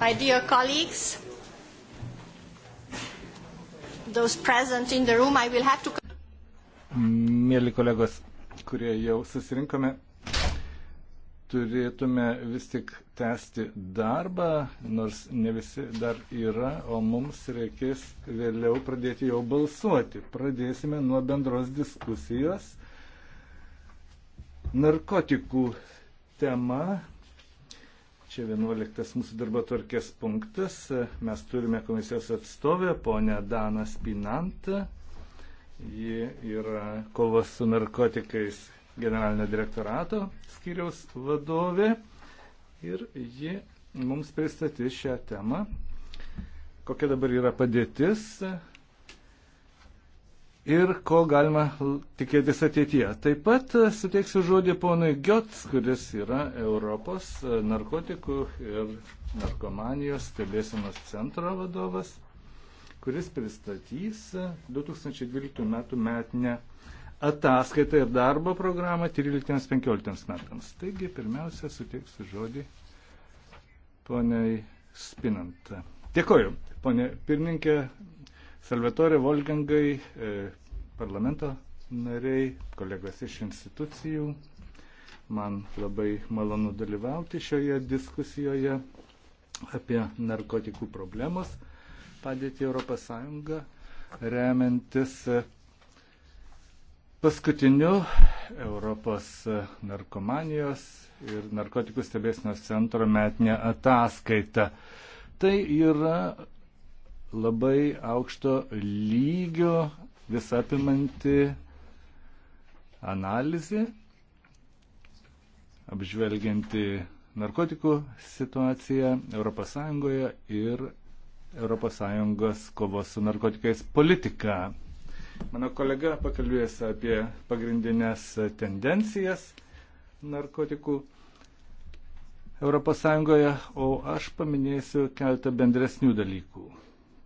My dear colleagues, those present in the room, I will have to... Mėly kolegos, kurie jau susirinkome, turėtume vis tik tęsti darbą, nors ne visi dar yra, o mums reikės vėliau pradėti jau balsuoti. Pradėsime nuo bendros diskusijos narkotikų tema Čia 11 mūsų darbo tvarkės punktas. Mes turime komisijos atstovę, ponę Daną Spinantą. Ji yra kovas su narkotikais generalinio direktorato skiriaus vadovė. Ir ji mums pristatys šią temą. Kokia dabar yra padėtis, ir ko galima tikėtis ateityje. Taip pat e, suteiksiu žodį ponui Giots, kuris yra Europos e, narkotikų ir narkomanijos stebėsinos centro vadovas, kuris pristatys 2012 e, metų metinę ataskaitą ir darbo programą 13-15 metams. Taigi, pirmiausia, suteiksiu žodį poniai Spinant. Dėkoju, ponė pirmininkė, Salvatore Volgangai, e, parlamento nariai, kolegos iš institucijų. Man labai malonu dalyvauti šioje diskusijoje apie narkotikų problemas padėti Europos Sąjungą, remiantis paskutiniu Europos narkomanijos ir narkotikų stebėsinos centro metinė ataskaita. Tai yra labai aukšto lygio visapimanti analizė, apžvelgianti narkotikų situaciją ES ir ES kovos su narkotikais politiką. Mano kolega pakalbės apie pagrindinės tendencijas narkotikų ES, o aš paminėsiu keletą bendresnių dalykų.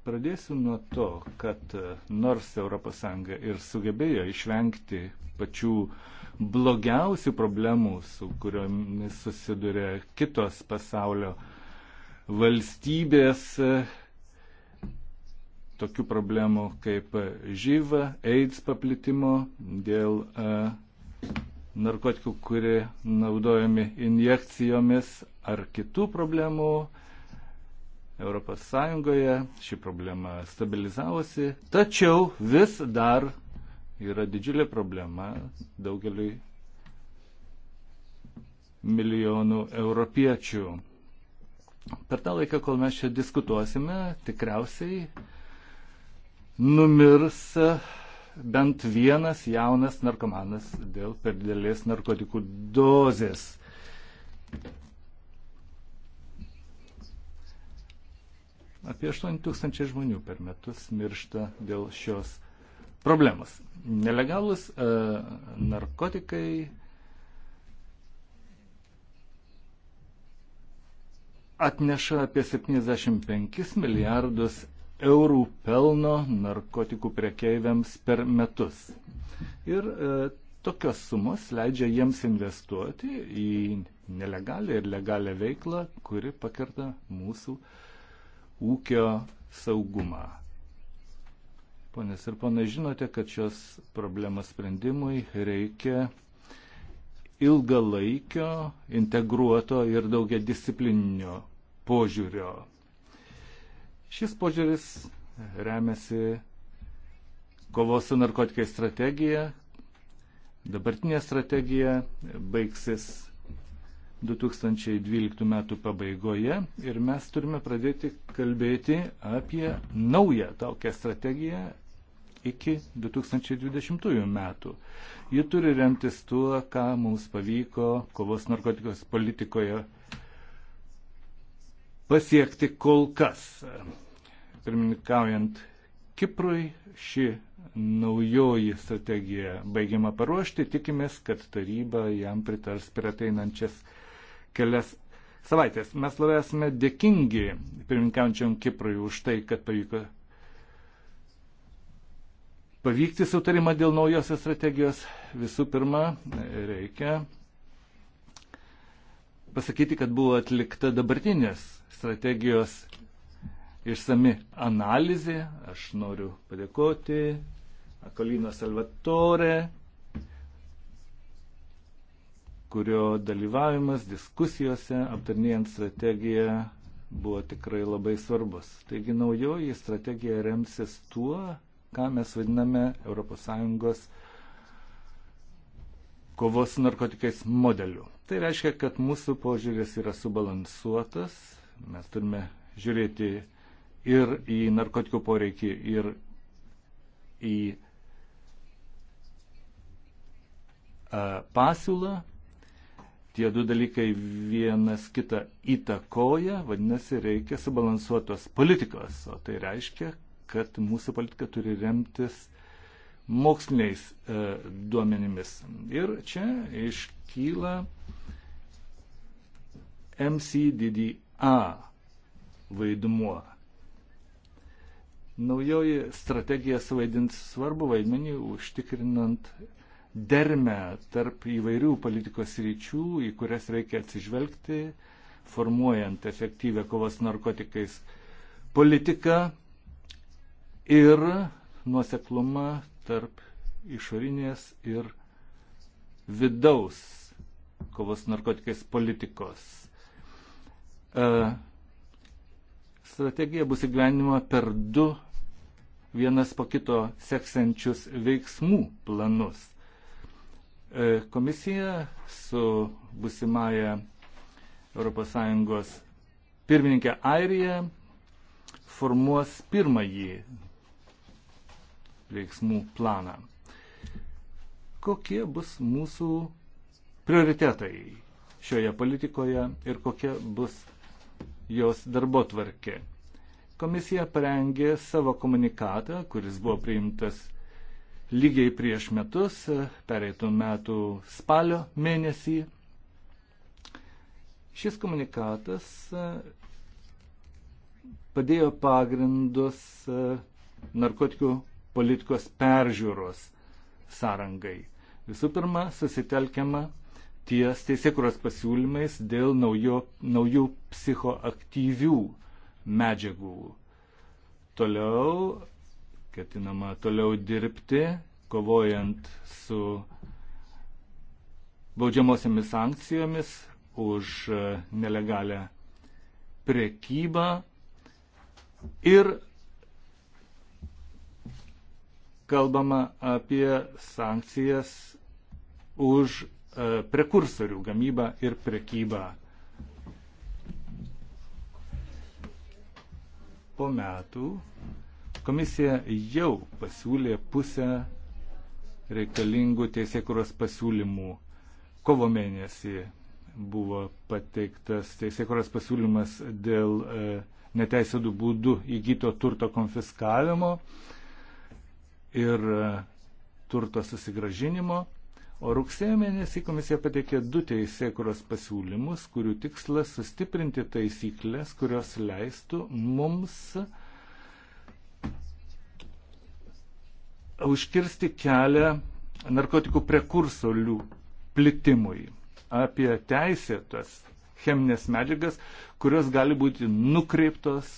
Pradėsiu nuo to, kad e, nors ES ir sugebėjo išvengti pačių blogiausių problemų, su kuriomis susiduria kitos pasaulio valstybės, e, tokių problemų kaip živa, AIDS paplitimo, dėl e, narkotikų, kurie naudojami injekcijomis ar kitų problemų, ES ši problema stabilizavosi, tačiau vis dar yra didžiulė problema daugeliui milijonų europiečių. Per tą laiką, kol mes čia diskutuosime, tikriausiai numirs bent vienas jaunas narkomanas dėl per didelės narkotikų dozės. Apie 8 tūkstančiai žmonių per metus miršta dėl šios problemos. Nelegalus e, narkotikai atneša apie 75 milijardus eurų pelno narkotikų prekeiviams per metus. Ir e, tokios sumos leidžia jiems investuoti į nelegalią ir legalią veiklą, kuri pakerta mūsų e, ūkio saugumą. Ponės ir ponai, žinote, kad šios problemos sprendimui reikia ilgalaikio, integruoto ir daugia disciplininio požiūrio. Šis požiūris remiasi kovos su narkotikai strategija. Dabartinė strategija baigsis 2012 metų pabaigoje ir mes turime pradėti kalbėti apie naują tokią strategiją iki 2020 metų. Ji turi remtis tuo, ką mums pavyko kovos narkotikos politikoje pasiekti kol kas. Pirmininkaujant Kiprui ši naujoji strategija baigiama paruošti, tikimės, kad taryba jam pritars per ateinančias kelias savaitės. Mes labai esame dėkingi pirmininkiančiam Kiprui už tai, kad pavyko pavykti sutarimą dėl naujosios strategijos. Visų pirma, reikia pasakyti, kad buvo atlikta dabartinės strategijos išsami analizė. Aš noriu padėkoti Akolino Salvatore, kurio dalyvavimas diskusijose aptarnėjant strategiją buvo tikrai labai svarbus. Taigi naujoji strategija remsis tuo, ką mes vadiname ES kovos su narkotikais modeliu. Tai reiškia, kad mūsų požiūris yra subalansuotas, mes turime žiūrėti ir į narkotikų poreikį, ir į e, pasiūlą Tie du dalykai vienas kitą įtakoja, vadinasi, reikia subalansuotos politikos, o tai reiškia, kad mūsų politika turi remtis moksliniais e, duomenimis. Ir čia iškyla MCDDA vaidmuo. Naujoji strategija suvaidins svarbu vaidmenį užtikrinant dermę tarp įvairių politikos ryčių, į kurias reikia atsižvelgti, formuojant efektyvę kovos narkotikais politiką ir nuoseklumą tarp išorinės ir vidaus kovos narkotikais politikos. E, strategija bus įgyvenima per du vienas po kito seksančius veiksmų planus. E, komisija su busimaja ES pirmininkė Airija formuos pirmąjį veiksmų planą. Kokie bus mūsų prioritetai šioje politikoje ir kokia bus jos darbo tvarkė? Komisija parengė savo komunikatą, kuris buvo priimtas lygiai prieš metus, e, pereitų metų spalio mėnesį. Šis komunikatas e, padėjo pagrindus e, narkotikų politikos peržiūros sąrangai. Visų pirma, susitelkiama ties teisėkuros pasiūlymais dėl naujo, naujų psichoaktyvių medžiagų. Toliau ketinama toliau dirbti, kovojant su baudžiamosiamis sankcijomis už e, nelegalę prekybą ir kalbama apie sankcijas už e, prekursorių gamybą ir prekybą. Po metų Komisija jau pasiūlė pusę reikalingų teisėkuros pasiūlymų. Kovo mėnesį buvo pateiktas teisėkuros pasiūlymas dėl e, neteisėtų būdų įgyto turto konfiskavimo ir e, turto susigražinimo. O rugsėjo mėnesį komisija pateikė du teisėkuros pasiūlymus, kurių tikslas sustiprinti taisyklės, kurios leistų mums e, užkirsti kelią narkotikų prekursorių plitimui, apie teisėtas cheminės medžiagas, kurios gali būti nukreiptos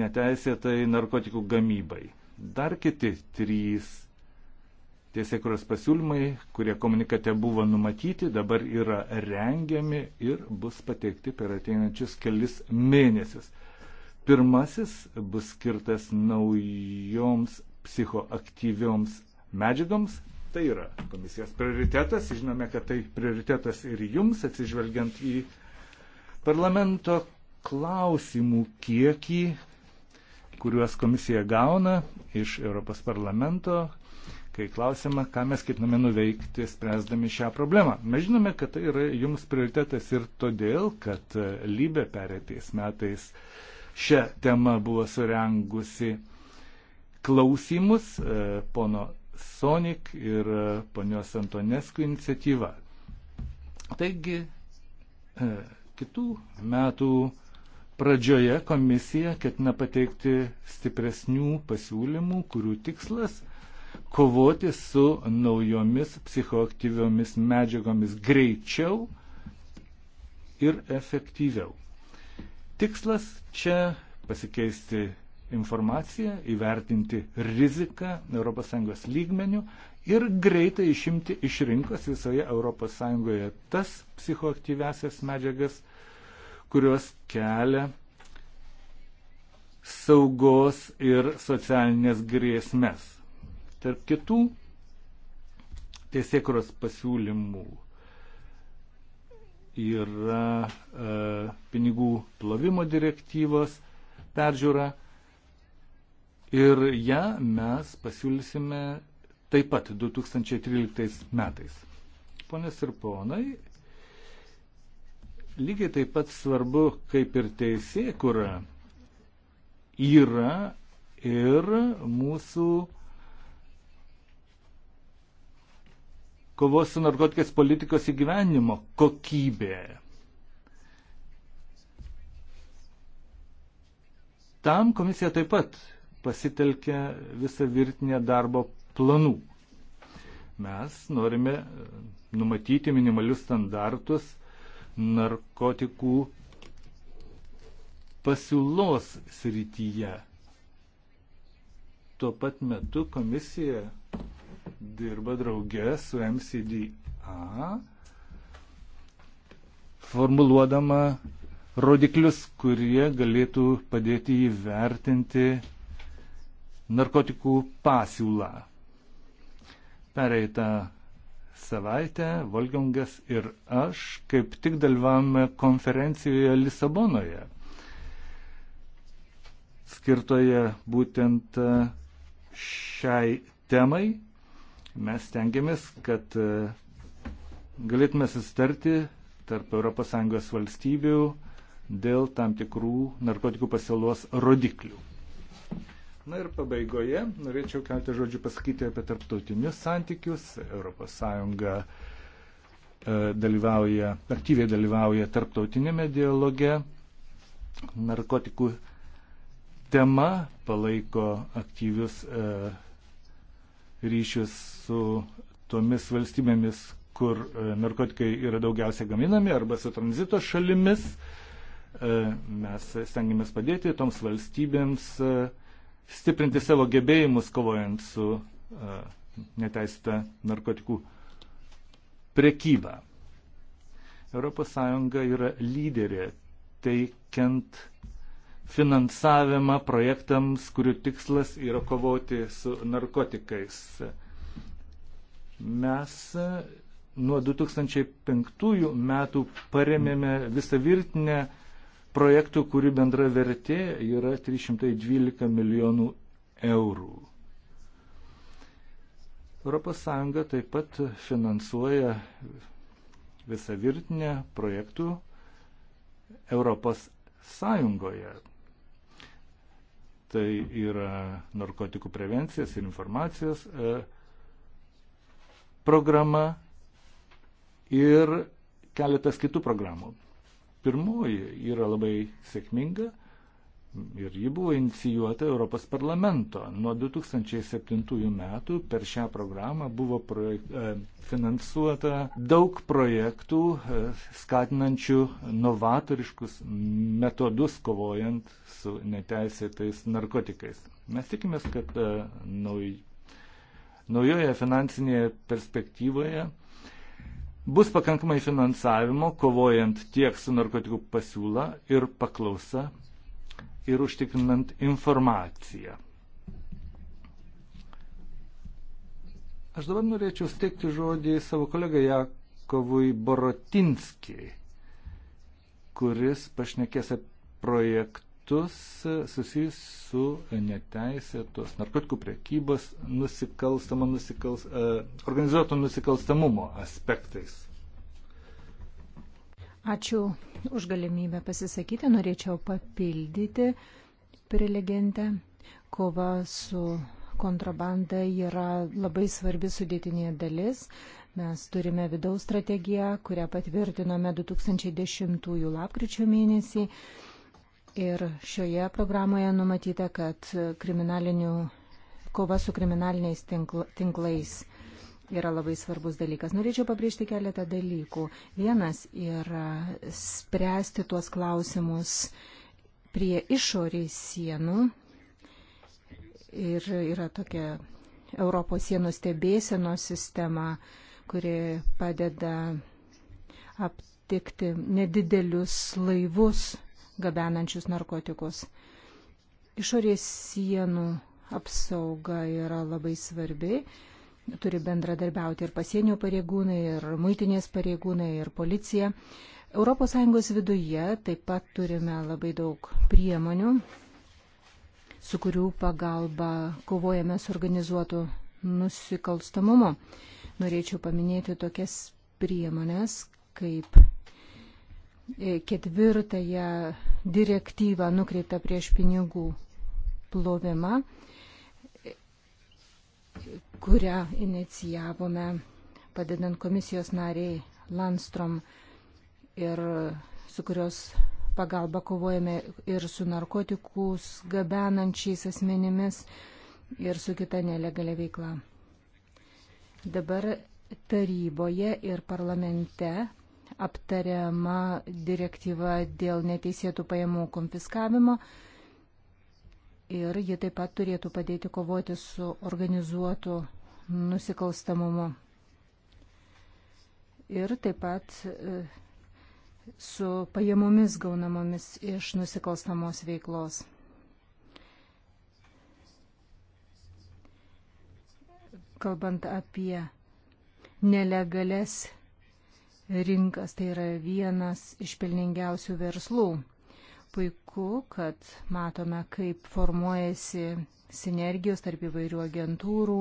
neteisėtai narkotikų gamybai. Dar kiti trys tiesiekuros pasiūlymai, kurie komunikate buvo numatyti, dabar yra rengiami ir bus pateikti per ateinančius kelis mėnesius. Pirmasis bus skirtas naujoms psichoaktyvioms medžiagoms. Tai yra komisijos prioritetas. Žinome, kad tai prioritetas ir jums, atsižvelgiant į parlamento klausimų kiekį, kuriuos komisija gauna iš Europos parlamento, kai klausima, ką mes ketiname nuveikti, spręsdami šią problemą. Mes žinome, kad tai yra jums prioritetas ir todėl, kad Lybė perėtais metais šią temą buvo surengusi klausimus e, pono Sonik ir e, ponios Antonesku iniciatyva. Taigi, e, kitų metų pradžioje komisija ketina pateikti stipresnių pasiūlymų, kurių tikslas - kovoti su naujomis psichoaktyviomis medžiagomis greičiau ir efektyviau. Tikslas čia pasikeisti informaciją, įvertinti riziką ES lygmenių ir greitai išimti iš rinkos visoje ES tas psichoaktyvesias medžiagas, kurios kelia saugos ir socialinės grėsmės. Tarp kitų tiesiekros pasiūlymų yra e, pinigų plovimo direktyvos peržiūra ir ją mes pasiūlysime taip pat 2013 metais. Ponės ir ponai, lygiai taip pat svarbu, kaip ir teisėkura, yra ir mūsų kovos su narkotikais politikos įgyvenimo kokybė. Tam komisija taip pat pasitelkia visą virtinę darbo planų. Mes norime e, numatyti minimalius standartus narkotikų pasiūlos srityje. Tuo pat metu komisija dirba draugė su MCDA, formuluodama rodiklius, kurie galėtų padėti įvertinti narkotikų pasiūlą. Pereitą savaitę Volgongas ir aš kaip tik dalyvavome konferencijoje Lisabonoje, skirtoje būtent e, šiai temai. Mes tengiamės, kad e, galėtume sustarti tarp ES valstybių dėl tam tikrų narkotikų pasiūlos rodiklių. Na ir pabaigoje norėčiau keltą žodžių pasakyti apie tarptautinius santykius. ES e, dalyvauja, aktyviai dalyvauja tarptautinėme dialoge. Narkotikų tema palaiko aktyvius e, ryšius su tomis valstybėmis, kur e, narkotikai yra daugiausia gaminami arba su tranzito šalimis. E, mes stengiamės padėti toms valstybėms. E, stiprinti savo gebėjimus kovojant su e, neteisėta narkotikų prekyba. ES yra lyderė teikiant finansavimą projektams, kurių tikslas yra kovoti su narkotikais. Mes e, nuo 2005 metų paremėme visą virtinę uh, projektų, kurių bendra vertė yra 312 milijonų eurų. ES taip pat finansuoja visą virtinę projektų Europos Sąjungoje. Tai yra narkotikų prevencijos ir informacijos e, programa ir keletas kitų programų. Pirmoji yra labai sėkminga ir ji buvo inicijuota Europos parlamento. Nuo 2007 metų per šią programą buvo projek, e, finansuota daug projektų e, skatinančių novatoriškus metodus kovojant su neteisėtais narkotikais. Mes tikimės, kad e, nauj, naujoje finansinėje perspektyvoje bus pakankamai finansavimo, kovojant tiek su narkotikų pasiūla ir paklausa ir užtikrinant informaciją. Aš dabar norėčiau steigti žodį savo kolegai Jakovui Borotinskijai, kuris pašnekės apie projektą aktus e, susijus su neteisėtos narkotikų priekybos nusikalstamo nusikals, e, organizuoto nusikalstamumo aspektais. Ačiū už galimybę pasisakyti. Norėčiau papildyti prelegentę. Kova su kontrabanda yra labai svarbi sudėtinė dalis. Mes turime vidaus strategiją, kurią patvirtinome 2010 lapkričio mėnesį. Ir šioje programoje numatyta, kad kova su kriminaliniais tinkla, tinklais yra labai svarbus dalykas. Norėčiau pabrėžti keletą dalykų. Vienas yra spręsti tuos klausimus prie išorės sienų. Ir yra tokia Europos sienų stebėsenos sistema, kuri padeda aptikti nedidelius laivus gabenančius narkotikus. Išorės sienų apsauga yra labai svarbi. Turi bendradarbiauti ir pasienio pareigūnai, ir muitinės pareigūnai, ir policija. ES viduje taip pat turime labai daug priemonių, su kurių pagalba kovojame su organizuotu nusikalstamumu. Norėčiau paminėti tokias priemonės kaip E, ketvirtąją direktyvą nukreiptą prieš pinigų plovimą, kurią inicijavome padedant komisijos nariai Landstrom ir su kurios pagalba kovojame ir su narkotikus gabenančiais asmenimis ir su kita nelegalia veikla. Dabar taryboje ir parlamente aptariama direktyva dėl neteisėtų pajamų konfiskavimo ir ji taip pat turėtų padėti kovoti su organizuotu nusikalstamumu. Ir taip pat e, su pajamomis gaunamomis iš nusikalstamos veiklos. Kalbant apie nelegales rinkas, tai yra vienas iš pelningiausių verslų. Puiku, kad matome, kaip formuojasi sinergijos tarp įvairių agentūrų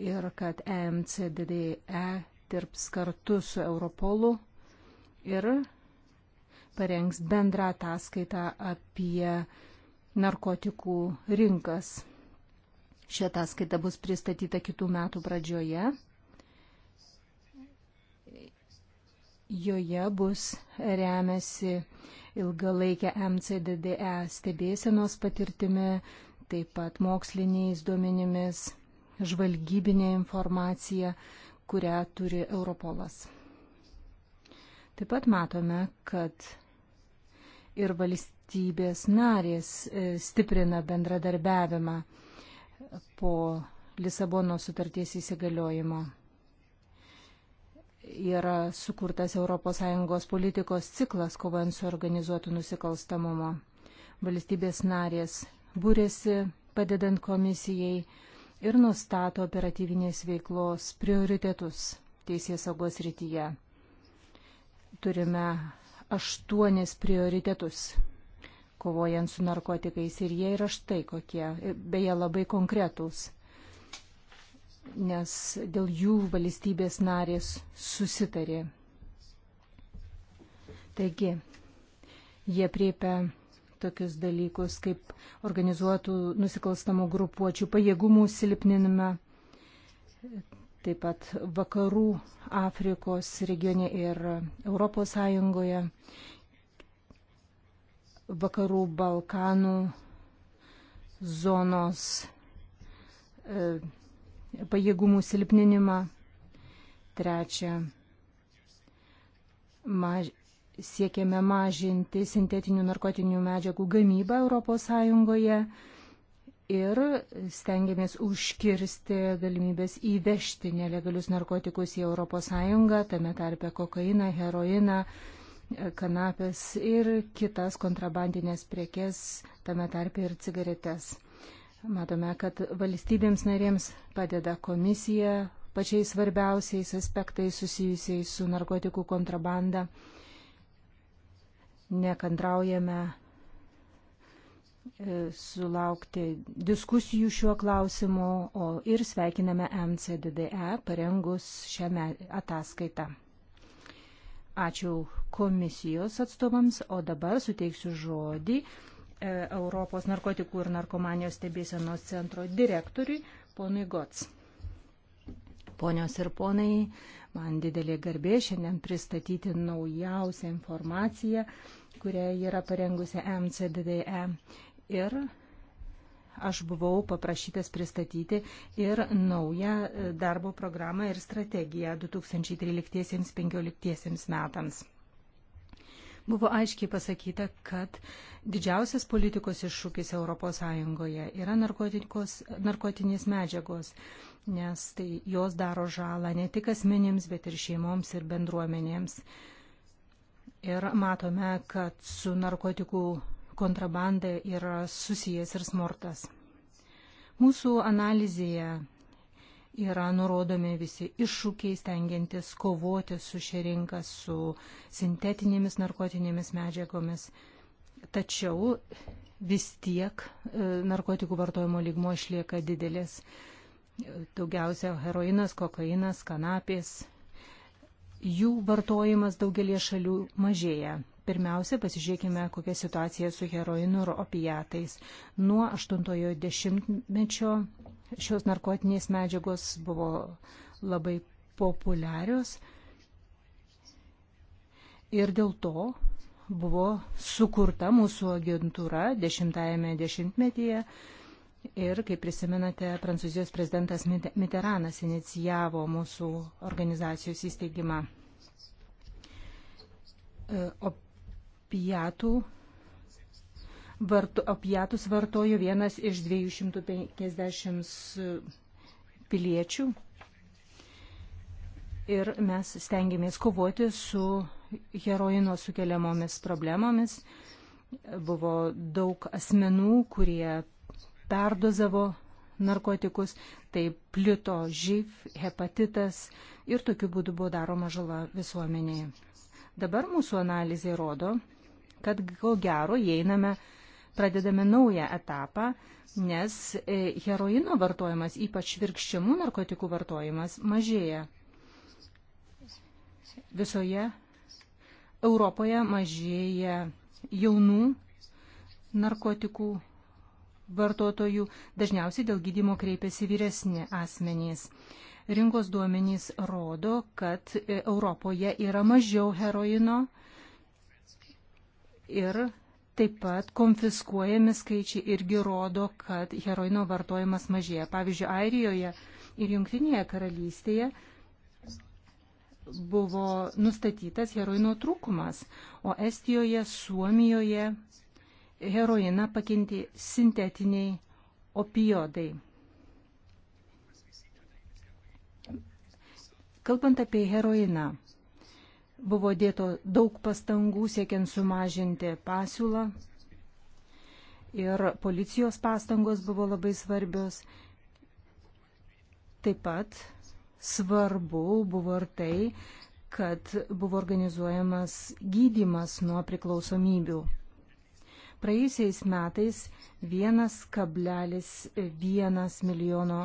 ir kad EMCDDE e dirbs kartu su Europolu ir parengs bendrą ataskaitą apie narkotikų rinkas. Ši ataskaita bus pristatyta kitų metų pradžioje. Joje bus remiasi ilgalaikė MCDDE stebėsenos patirtimi, taip pat moksliniais duomenimis, žvalgybinė informacija, kurią turi Europolas. Taip pat matome, kad ir valstybės narės e, stiprina bendradarbiavimą po Lisabono sutarties įsigaliojimo yra sukurtas ES politikos ciklas kovojant su organizuotu nusikalstamumo. Valstybės narės būrėsi padedant komisijai ir nustato operatyvinės veiklos prioritetus teisės saugos rytyje. Turime aštuonis prioritetus kovojant su narkotikais ir jie yra štai kokie, beje labai konkretūs nes dėl jų valstybės narės susitarė. Taigi, jie priepia tokius dalykus kaip organizuotų nusikalstamų grupuočių pajėgumų silpninimą, taip pat vakarų Afrikos regione ir Europos Sąjungoje, vakarų Balkanų zonos e, pajėgumų silpninimą. Trečia, maž, siekiame mažinti sintetinių narkotinių medžiagų gamybą ES ir stengiamės užkirsti galimybės įvežti nelegalius narkotikus į ES, tame tarpe kokainą, heroiną, kanapės ir kitas kontrabandinės prekes, tame tarpe ir cigaretes matome, kad valstybėms narėms padeda komisija pačiais svarbiausiais aspektais susijusiais su narkotikų kontrabanda. Nekantraujame e, sulaukti diskusijų šiuo klausimu, o ir sveikiname MCDDE parengus šiame ataskaitą. Ačiū komisijos atstovams, o dabar suteiksiu žodį E, Europos narkotikų ir narkomanijos stebėsenos centro direktoriui, ponui Gots. Ponios ir ponai, man didelė garbė šiandien pristatyti naujausią informaciją, kurią yra parengusi MCDDE. Ir aš buvau paprašytas pristatyti ir naują e, darbo programą ir strategiją 2013-2015 metams buvo aiškiai pasakyta, kad didžiausias politikos iššūkis ES yra narkotinės medžiagos, nes tai jos daro žalą ne tik asmenims, bet ir šeimoms ir bendruomenėms. Ir matome, kad su narkotikų kontrabanda yra susijęs ir smurtas. Mūsų analizėje yra nurodomi visi iššūkiai, stengiantis kovoti su šia rinka, su sintetinėmis narkotinėmis medžiagomis. Tačiau vis tiek e, narkotikų vartojimo lygmo išlieka didelis. Daugiausia heroinas, kokainas, kanapės. Jų vartojimas daugelie šalių mažėja. Pirmiausia, pasižiūrėkime, kokia situacija su heroinu ir opijatais. Nuo 80-mečio šios narkotinės medžiagos buvo labai populiarios ir dėl to buvo sukurta mūsų agentūra dešimtajame dešimtmetyje. Ir, kaip prisimenate, Prancūzijos prezidentas Miteranas inicijavo mūsų organizacijos įsteigimą. E, opiatų varto, opiatus vartojo vienas iš 250 e, piliečių. Ir mes stengiamės kovoti su heroino sukeliamomis problemomis. Buvo daug asmenų, kurie perdozavo narkotikus, tai plito živ, hepatitas ir tokiu būdu buvo daroma žala visuomenėje. Dabar mūsų analizė rodo, kad ko gero įeiname pradedame naują etapą, nes e, heroino vartojimas, ypač virkščiamų narkotikų vartojimas, mažėja. Visoje Europoje mažėja jaunų narkotikų vartotojų, dažniausiai dėl gydimo kreipiasi vyresni asmenys. Rinkos duomenys rodo, kad e, Europoje yra mažiau heroino ir Taip pat konfiskuojami skaičiai irgi rodo, kad heroino vartojimas mažėja. Pavyzdžiui, Airijoje ir Junktinėje karalystėje buvo nustatytas heroino trūkumas, o Estijoje, Suomijoje heroiną pakinti sintetiniai opijodai. Kalbant apie heroiną, Buvo dėto daug pastangų siekiant sumažinti pasiūlą ir policijos pastangos buvo labai svarbios. Taip pat svarbu buvo ir tai, kad buvo organizuojamas gydimas nuo priklausomybių. Praėjusiais metais 1,1 milijono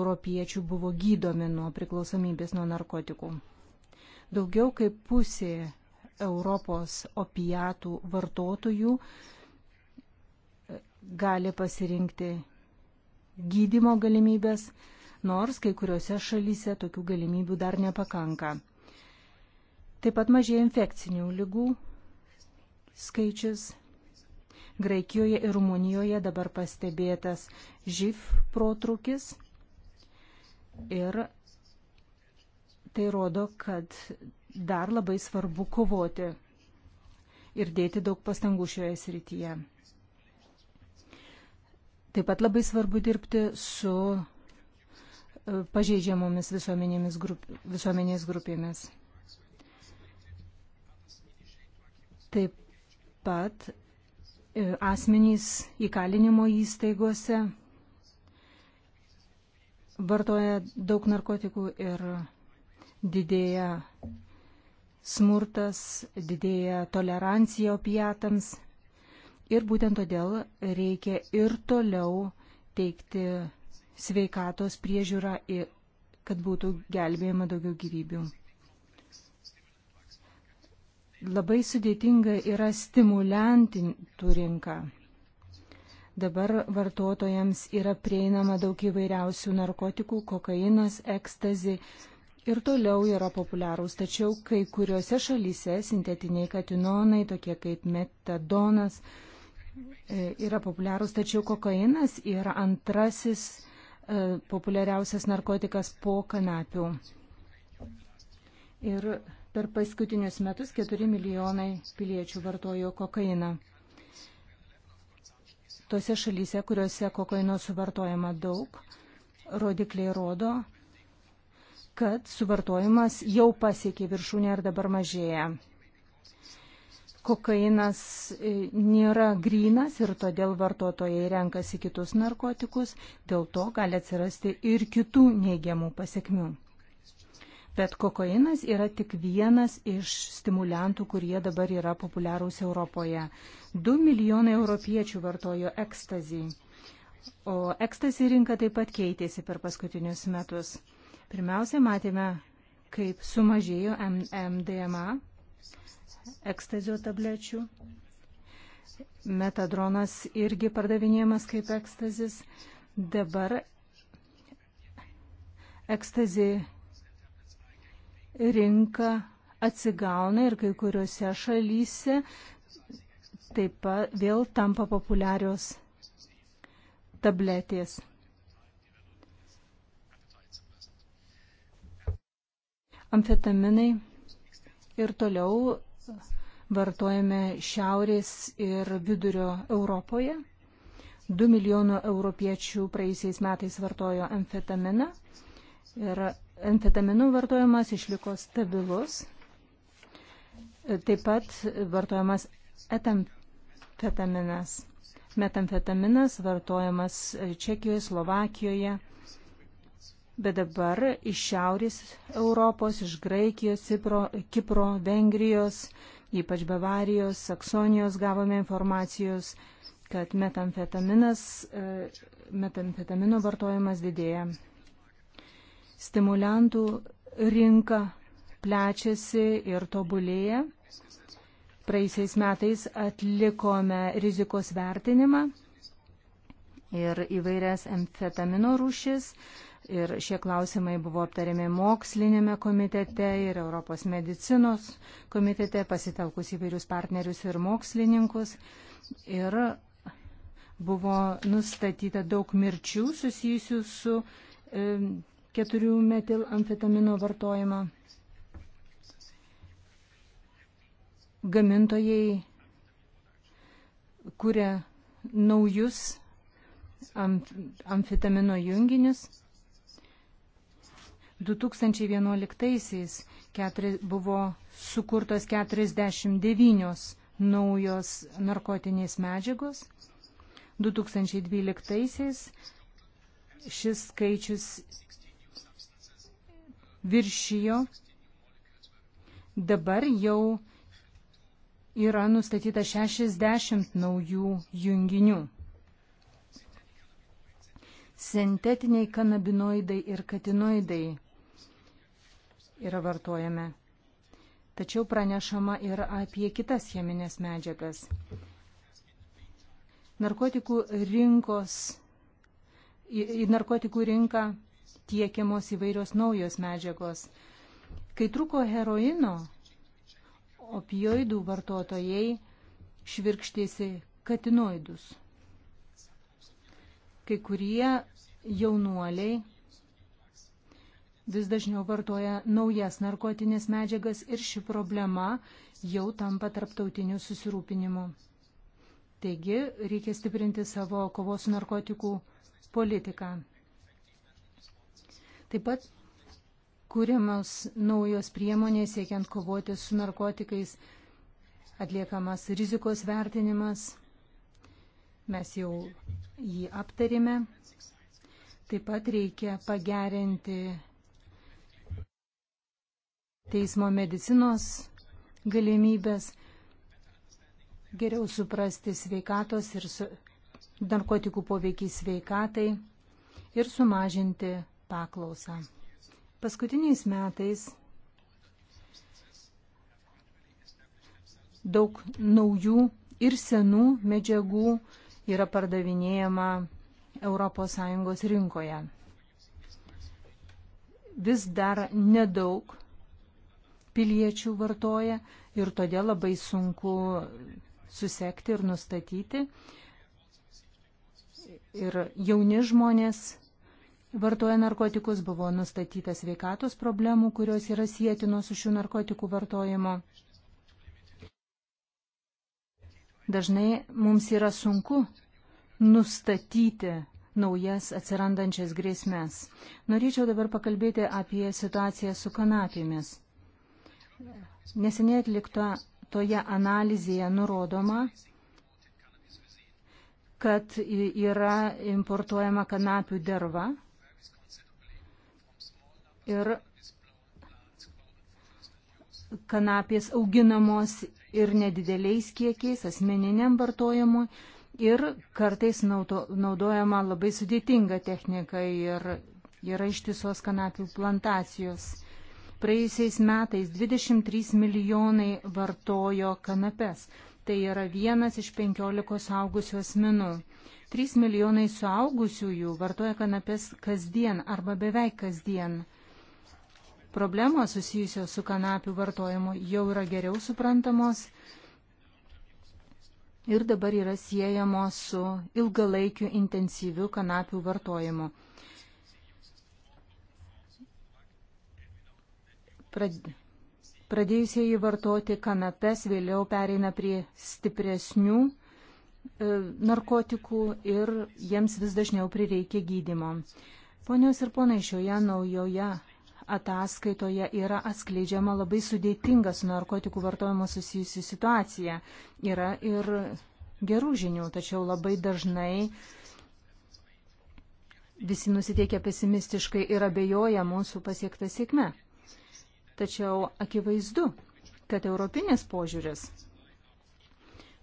europiečių buvo gydomi nuo priklausomybės nuo narkotikų. Daugiau kaip pusė Europos opijatų vartotojų e, gali pasirinkti gydimo galimybės, nors kai kuriuose šalyse tokių galimybių dar nepakanka. Taip pat mažėja infekcinių lygų skaičius. Graikijoje ir Rumunijoje dabar pastebėtas živ protrukis ir tai rodo, kad dar labai svarbu kovoti ir dėti daug pastangų šioje srityje. Taip pat labai svarbu dirbti su e, pažeidžiamomis visuomenės, grup, visuomenės grupėmis. Taip pat e, asmenys įkalinimo įstaigose vartoja daug narkotikų ir didėja smurtas, didėja tolerancija opiatams. Ir būtent todėl reikia ir toliau teikti sveikatos priežiūrą, kad būtų gelbėjama daugiau gyvybių. Labai sudėtinga yra stimuliantų rinka. Dabar vartotojams yra prieinama daug įvairiausių narkotikų, kokainas, ekstazi, ir toliau yra populiarūs, tačiau kai kuriuose šalyse sintetiniai katinonai, tokie kaip metadonas, e, yra populiarūs, tačiau kokainas yra antrasis e, populiariausias narkotikas po kanapių. Ir per paskutinius metus 4 milijonai piliečių vartojo kokainą. Tose šalyse, kuriuose kokaino suvartojama daug, rodikliai rodo, kad suvartojimas jau pasiekė viršūnę ir dabar mažėja. Kokainas e, nėra grynas ir todėl vartotojai renkasi kitus narkotikus, dėl to gali atsirasti ir kitų neigiamų pasiekmių. Bet kokainas yra tik vienas iš stimulantų, kurie dabar yra populiarūs Europoje. 2 milijonai europiečių vartojo ekstazį. O ekstazį rinka taip pat keitėsi per paskutinius metus. Pirmiausia, matėme, kaip sumažėjo MDMA, ekstazio tablečių. Metadronas irgi pardavinėjamas kaip ekstazis. Dabar ekstazi rinka atsigauna ir kai kuriuose šalyse taip pat vėl tampa populiarios tabletės. amfetaminai ir toliau vartojame šiaurės ir vidurio Europoje. 2 milijonų europiečių praeisiais metais vartojo amfetaminą ir amfetaminų vartojimas išliko stabilus. Taip pat vartojamas etamfetaminas. Metamfetaminas vartojamas Čekijoje, Slovakijoje Bet dabar iš Šiaurės Europos, iš Graikijos, Cipro, Kipro, Vengrijos, ypač Bavarijos, Saksonijos gavome informacijos, kad e, metamfetamino vartojimas didėja. Stimulantų rinka plečiasi ir tobulėja. Praeisiais metais atlikome rizikos vertinimą ir įvairias amfetamino rūšis Ir šie klausimai buvo aptariami mokslinėme komitete ir Europos medicinos komitete, pasitelkus įvairius partnerius ir mokslininkus. Ir buvo nustatyta daug mirčių susijusių su e, keturių metilamfetamino vartojimą. Gamintojai kuria naujus amfetamino junginius 2011-aisiais buvo sukurtos 49 naujos narkotinės medžiagos. 2012-aisiais šis skaičius viršijo. Dabar jau yra nustatyta 60 naujų junginių. Sintetiniai kanabinoidai ir katinoidai yra vartojami. Tačiau pranešama ir apie kitas cheminės medžiagas. Narkotikų rinkos, į, į narkotikų rinką tiekiamos įvairios naujos medžiagos. Kai truko heroino, opioidų vartotojai švirkštėsi katinoidus. Kai kurie jaunuoliai vis dažniau vartoja naujas narkotinės medžiagas ir ši problema jau tampa tarptautiniu susirūpinimu. Taigi reikia stiprinti savo kovos su narkotikų politiką. Taip pat kūriamos naujos priemonės siekiant kovoti su narkotikais, atliekamas rizikos vertinimas, mes jau jį aptarėme. Taip pat reikia pagerinti teismo medicinos galimybės, geriau suprasti sveikatos ir su, narkotikų poveikį sveikatai ir sumažinti paklausą. Paskutiniais metais daug naujų ir senų medžiagų yra pardavinėjama ES rinkoje. Vis dar nedaug piliečių vartoja ir todėl labai sunku susekti ir nustatyti. Ir jauni žmonės vartoja narkotikus, buvo nustatytas veikatos problemų, kurios yra sėtinos su šių narkotikų vartojimo. Dažnai mums yra sunku nustatyti naujas atsirandančias grėsmės. Norėčiau dabar pakalbėti apie situaciją su kanapėmis. Neseniai atlikto toje analizėje nurodoma, kad yra importuojama kanapių derva ir kanapės auginamos ir nedideliais kiekiais asmeniniam vartojimui ir kartais naudo, naudojama labai sudėtinga technika ir yra ištisos kanapių plantacijos. Praėjusiais metais 23 milijonai vartojo kanapes. Tai yra vienas iš penkiolikos augusių asmenų. 3 milijonai suaugusiųjų vartoja kanapes kasdien arba beveik kasdien. Problemos susijusios su kanapių vartojimu jau yra geriau suprantamos ir dabar yra siejamos su ilgalaikiu intensyviu kanapių vartojimu. Pradėjusieji vartoti kanapes vėliau pereina prie stipresnių e, narkotikų ir jiems vis dažniau prireikia gydimo. Ponios ir ponai, šioje naujoje ataskaitoje yra atskleidžiama labai sudėtinga su narkotikų vartojimu susijusi situacija. Yra ir gerų žinių, tačiau labai dažnai visi nusiteikia pesimistiškai ir abejoja mūsų pasiektą sėkmę. Tačiau akivaizdu, kad europinis požiūris,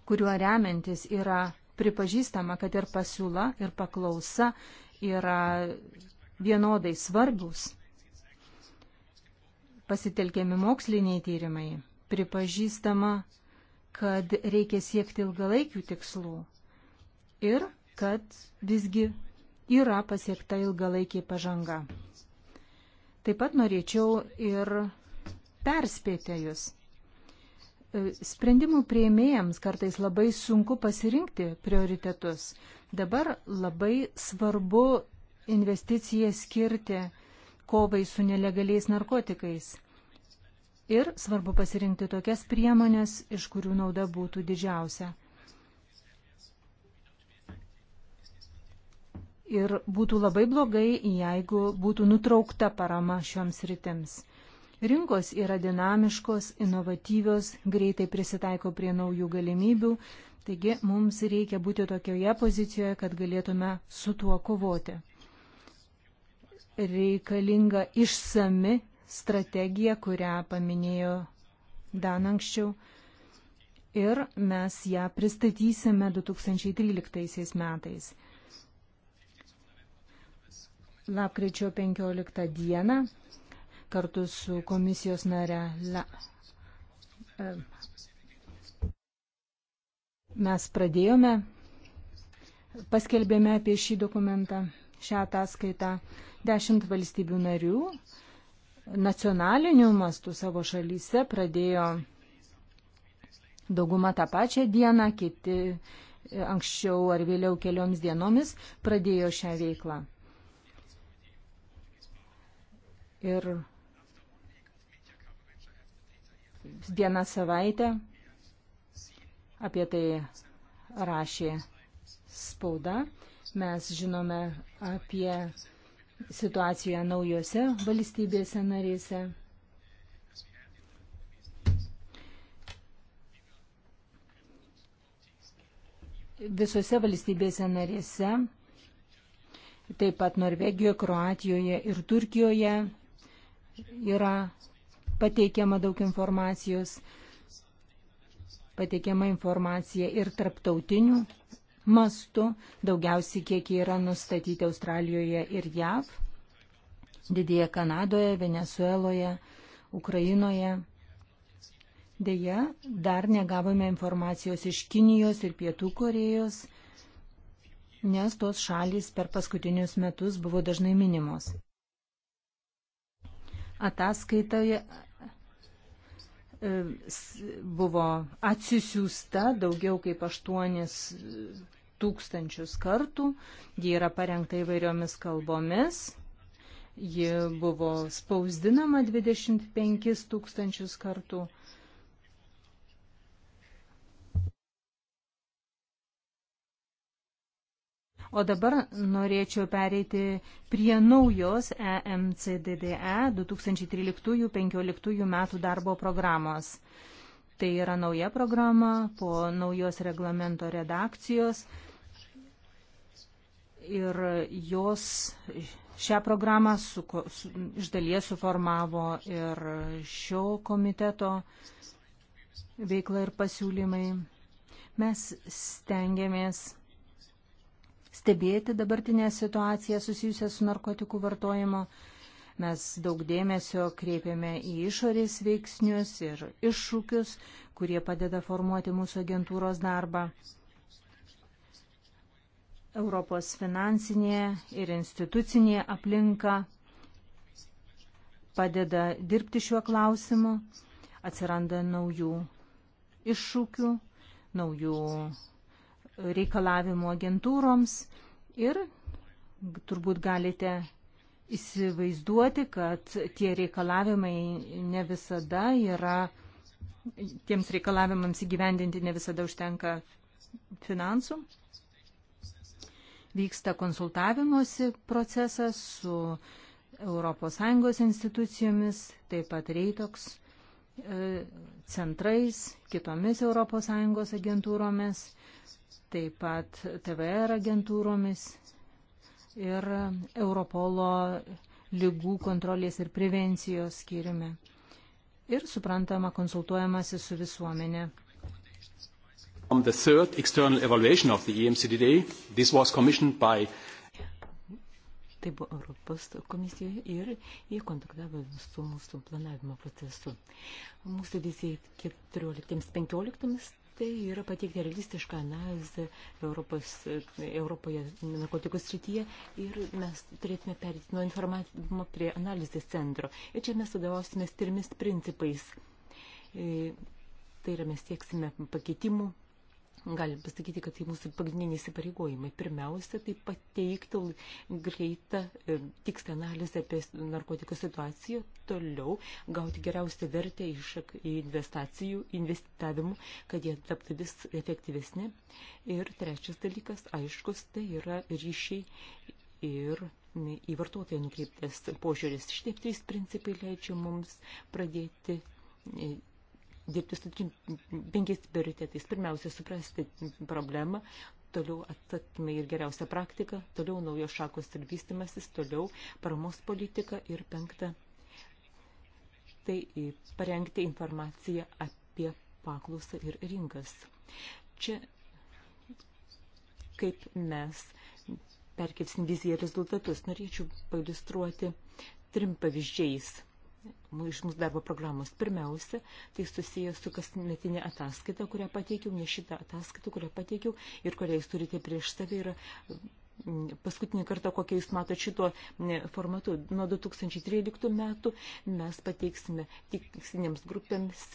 kuriuo remiantis yra pripažįstama, kad ir pasiūla, ir paklausa yra vienodai svarbus, pasitelkiami moksliniai tyrimai, pripažįstama, kad reikia siekti ilgalaikių tikslų ir kad visgi yra pasiekta ilgalaikė pažanga. Taip pat norėčiau ir perspėtėjus. E, sprendimų prieimėjams kartais labai sunku pasirinkti prioritetus. Dabar labai svarbu investiciją skirti kovai su nelegaliais narkotikais. Ir svarbu pasirinkti tokias priemonės, iš kurių nauda būtų didžiausia. Ir būtų labai blogai, jeigu būtų nutraukta parama šioms rytims. Rinkos yra dinamiškos, inovatyvios, greitai prisitaiko prie naujų galimybių, taigi mums reikia būti tokioje pozicijoje, kad galėtume su tuo kovoti. Reikalinga išsami strategija, kurią paminėjo Dan anksčiau ir mes ją pristatysime 2013 metais. Lapkričio 15 dieną kartu su komisijos nare. La. E, mes pradėjome, paskelbėme apie šį dokumentą, šią ataskaitą dešimt valstybių narių nacionaliniu mastu savo šalyse pradėjo dauguma tą pačią dieną, kiti anksčiau ar vėliau kelioms dienomis pradėjo šią veiklą. Ir Vieną savaitę apie tai rašė spauda. Mes žinome apie situaciją naujose valstybėse narėse. visose valstybėse narėse, taip pat Norvegijoje, Kroatijoje ir Turkijoje yra pateikiama daug informacijos, pateikiama informacija ir tarptautinių mastų, daugiausiai kiek yra nustatyti Australijoje ir JAV, didėja Kanadoje, Venezueloje, Ukrainoje. Deja, dar negavome informacijos iš Kinijos ir Pietų Korejos, nes tos šalys per paskutinius metus buvo dažnai minimos. Ataskaitoje E, buvo atsisiųsta daugiau kaip 8 tūkstančius kartų, ji yra parengta įvairiomis kalbomis, ji buvo spausdinama 25 tūkstančius kartų O dabar norėčiau pereiti prie naujos EMCDDE 2013-2015 e metų darbo programos. Tai yra nauja programa po naujos reglamento redakcijos ir jos šią programą su, su, iš dalies suformavo ir šio komiteto veikla ir pasiūlymai. Mes stengiamės stebėti dabartinę situaciją susijusią su narkotikų vartojimu. Mes daug dėmesio kreipiame į išorės veiksnius ir iššūkius, kurie padeda formuoti mūsų agentūros darbą. Europos finansinė ir institucinė aplinka padeda dirbti šiuo klausimu, atsiranda naujų iššūkių, naujų reikalavimų agentūroms ir turbūt galite įsivaizduoti, kad tie reikalavimai ne visada yra, tiems reikalavimams įgyvendinti ne visada užtenka finansų. Vyksta konsultavimosi procesas su ES institucijomis, taip pat reitoks e, centrais, kitomis ES agentūromis taip pat TVR agentūromis ir Europolo lygų kontrolės ir prevencijos skirime. Ir suprantama, konsultuojamasi su visuomenė. E by... Tai buvo Europos komisijoje ir jie kontaktavo su mūsų planavimo procesu. Mūsų vizija 14-15 tai yra pateikti realistišką analizę Europos, Europoje narkotikos srityje ir mes turėtume perėti nuo informavimo prie analizės centro. Ir čia mes vadovausime trimis principais. E, tai yra mes sieksime pakeitimų galim pasakyti, kad tai mūsų pagrindiniai įsipareigojimai. Pirmiausia, tai pateikti greitą e, tikslę analizę apie narkotikų situaciją, toliau gauti geriausią vertę iš investacijų, investavimų, kad jie taptų vis efektyvesni. Ir trečias dalykas, aiškus, tai yra ryšiai ir į vartotoją nukreiptas požiūris. Šitie trys principai leidžia mums pradėti e, dirbti su penkiais prioritetais. Pirmiausia, suprasti problemą, toliau atsakymai ir geriausia praktika, toliau naujos šakos ir vystimasis, toliau paramos politika ir penkta, tai parengti informaciją apie paklausą ir rinkas. Čia kaip mes perkipsim viziją rezultatus, norėčiau pailistruoti trim pavyzdžiais – iš mūsų darbo programos. Pirmiausia, tai susijęs su kasmetinė ataskaita, kurią pateikiau, ne šitą ataskaitą, kurią pateikiau ir kurią jūs turite prieš save yra paskutinį kartą, kokią jūs matote šituo formatu. Nuo 2013 metų mes pateiksime tikslinėms grupėms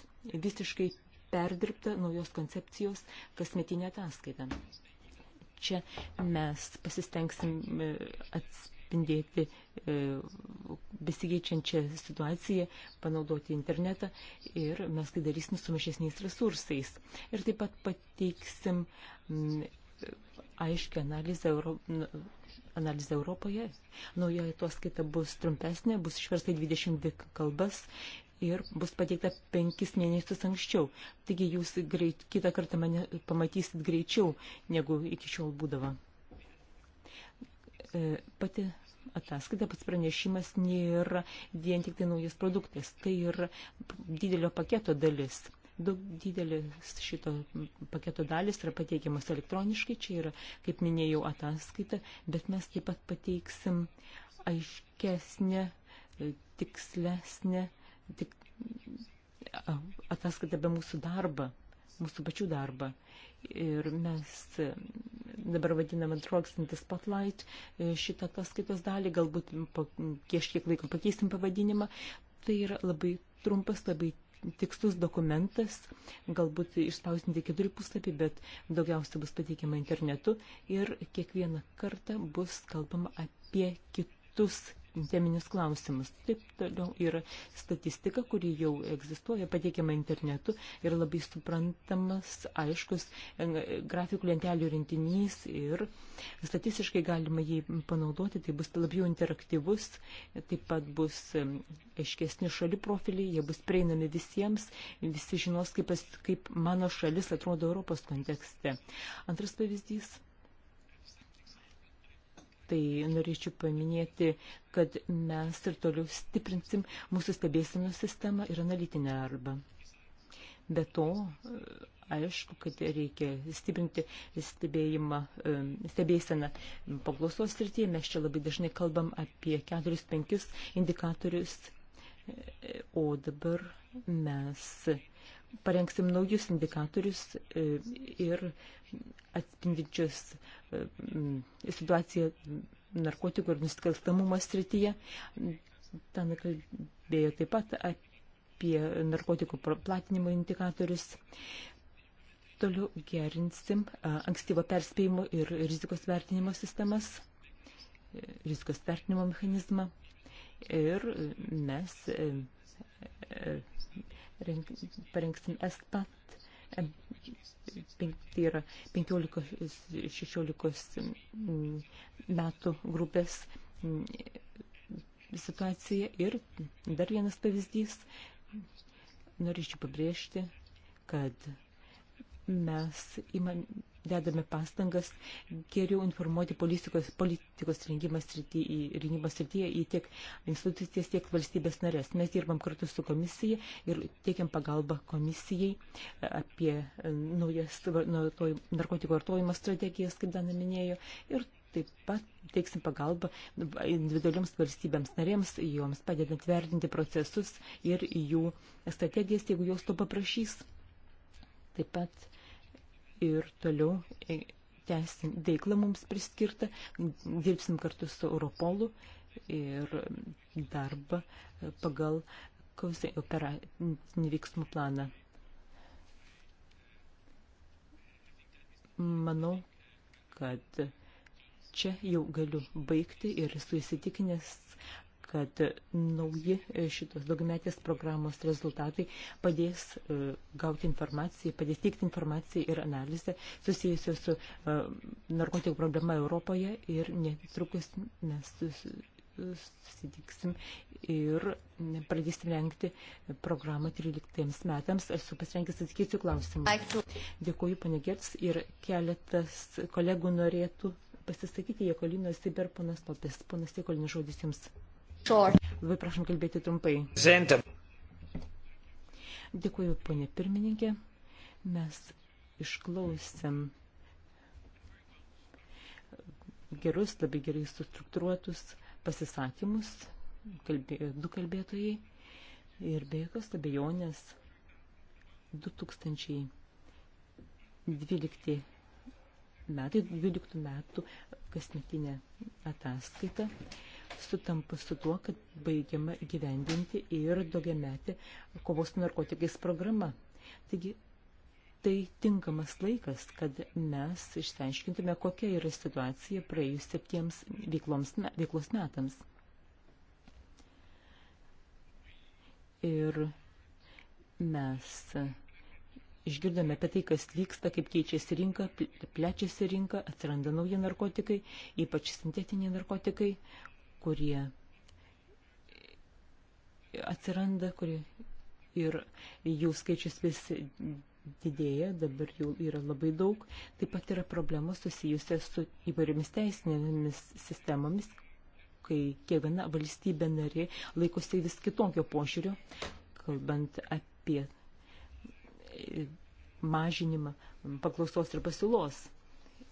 visiškai perdirbtą naujos koncepcijos kasmetinę ataskaitą. Čia mes pasistengsim atspėti atspindėti e, besigeičiančią situaciją, panaudoti internetą ir mes tai darysim su mažesniais resursais. Ir taip pat pateiksim mm, aiškę analizę, Euro, analizę Europoje. Naujoje tuos kita bus trumpesnė, bus išversta 22 kalbas ir bus pateikta penkis mėnesius anksčiau. Taigi jūs greit, kitą kartą mane pamatysit greičiau, negu iki šiol būdavo. E, pati ataskaita, pats pranešimas nėra vien tik tai naujas produktas, tai yra didelio paketo dalis. Daug didelis šito paketo dalis yra pateikiamas elektroniškai, čia yra, kaip minėjau, ataskaita, bet mes taip pat pateiksim aiškesnę, e, tikslesnę tik, ataskaitą apie mūsų darbą, mūsų pačių darbą. Ir mes dabar vadinamą trokstantį spotlight, e, šitą ataskaitos dalį, galbūt po kažkiek laiko pakeisim pavadinimą. Tai yra labai trumpas, labai tikslus dokumentas, galbūt išspausinti keturi puslapį, bet daugiausia bus pateikiama internetu ir kiekvieną kartą bus kalbama apie kitus teminius klausimus. Taip toliau yra statistika, kuri jau egzistuoja, pateikiama internetu ir labai suprantamas, aiškus e, grafikų lentelių rinkinys ir statistiškai galima jį panaudoti, tai bus labiau interaktyvus, taip pat bus e, aiškesni šalių profiliai, jie bus prieinami visiems, visi žinos, kaip, kaip mano šalis atrodo Europos kontekste. Antras pavyzdys tai norėčiau paminėti, kad mes ir toliau stiprinsim mūsų stebėsinų sistemą ir analitinę darbą. Be to, aišku, kad reikia stiprinti stebėjimą, stebėseną paklausos srityje. Mes čia labai dažnai kalbam apie 4-5 indikatorius, o dabar mes parengsim naujus indikatorius e, ir atspindinčius e, situaciją narkotikų ir nusikalstamumo srityje. Ten kalbėjo taip pat apie narkotikų platinimo indikatorius. Toliau gerinsim e, ankstyvo perspėjimo ir rizikos vertinimo sistemas, rizikos vertinimo mechanizmą. Ir mes parengsim SPAT, tai yra 15-16 mm, metų grupės mm, situacija ir dar vienas pavyzdys, norėčiau pabrėžti, kad mes imam, dedame pastangas geriau informuoti politikos, politikos rengimas srityje į tiek institucijas, tiek valstybės narės. Mes dirbam kartu su komisija ir teikiam pagalbą komisijai apie e, naujas narkotikų vartojimo strategijas, kaip Dana minėjo, ir taip pat teiksim pagalbą individualioms valstybėms narėms, joms padedant vertinti procesus ir jų strategijas, jeigu jos to paprašys. Taip pat ir toliau e, tęsim veiklą mums priskirtą, dirbsim kartu su Europolu ir darbą e, pagal kausai operacinį veiksmų planą. Manau, kad čia jau galiu baigti ir esu įsitikinęs, kad nauji šitos daugiametės programos rezultatai padės e, gauti informaciją, padės teikti informaciją ir analizę susijusiu su e, narkotikų problema Europoje ir netrukus mes susitiksim ir pradėsim rengti programą 13 metams. Esu pasirengęs atsakyti klausimą. Dėkuoju, panegėts, ir keletas kolegų norėtų pasisakyti Jekolino Siber, ponas Lopės. Ponas Jekolinas, žodis jums. Short. Labai prašom kalbėti trumpai. Zenta. Dėkuoju, ponė pirmininkė. Mes išklausėm gerus, labai gerai sustruktūruotus pasisakymus, kalbė, du kalbėtojai ir be jokios abejonės 2012 metai, 12 metų kasmetinė ataskaita sutampa su tuo, kad baigiama gyvendinti ir daugiametė kovos su narkotikais programa. Taigi, tai tinkamas laikas, kad mes išsiaiškintume, kokia yra situacija praėjus septiems veikloms, veiklos metams. Ir mes išgirdome apie tai, kas vyksta, kaip keičiasi rinka, plečiasi rinka, atsiranda nauji narkotikai, ypač sintetiniai narkotikai, kurie atsiranda, kurie ir jų skaičius vis didėja, dabar jų yra labai daug. Taip pat yra problemos susijusios su įvairiomis teisinėmis sistemomis, kai kiekviena valstybė nari laikosi vis kitokio požiūrio, kalbant apie e, mažinimą paklausos ir pasiūlos.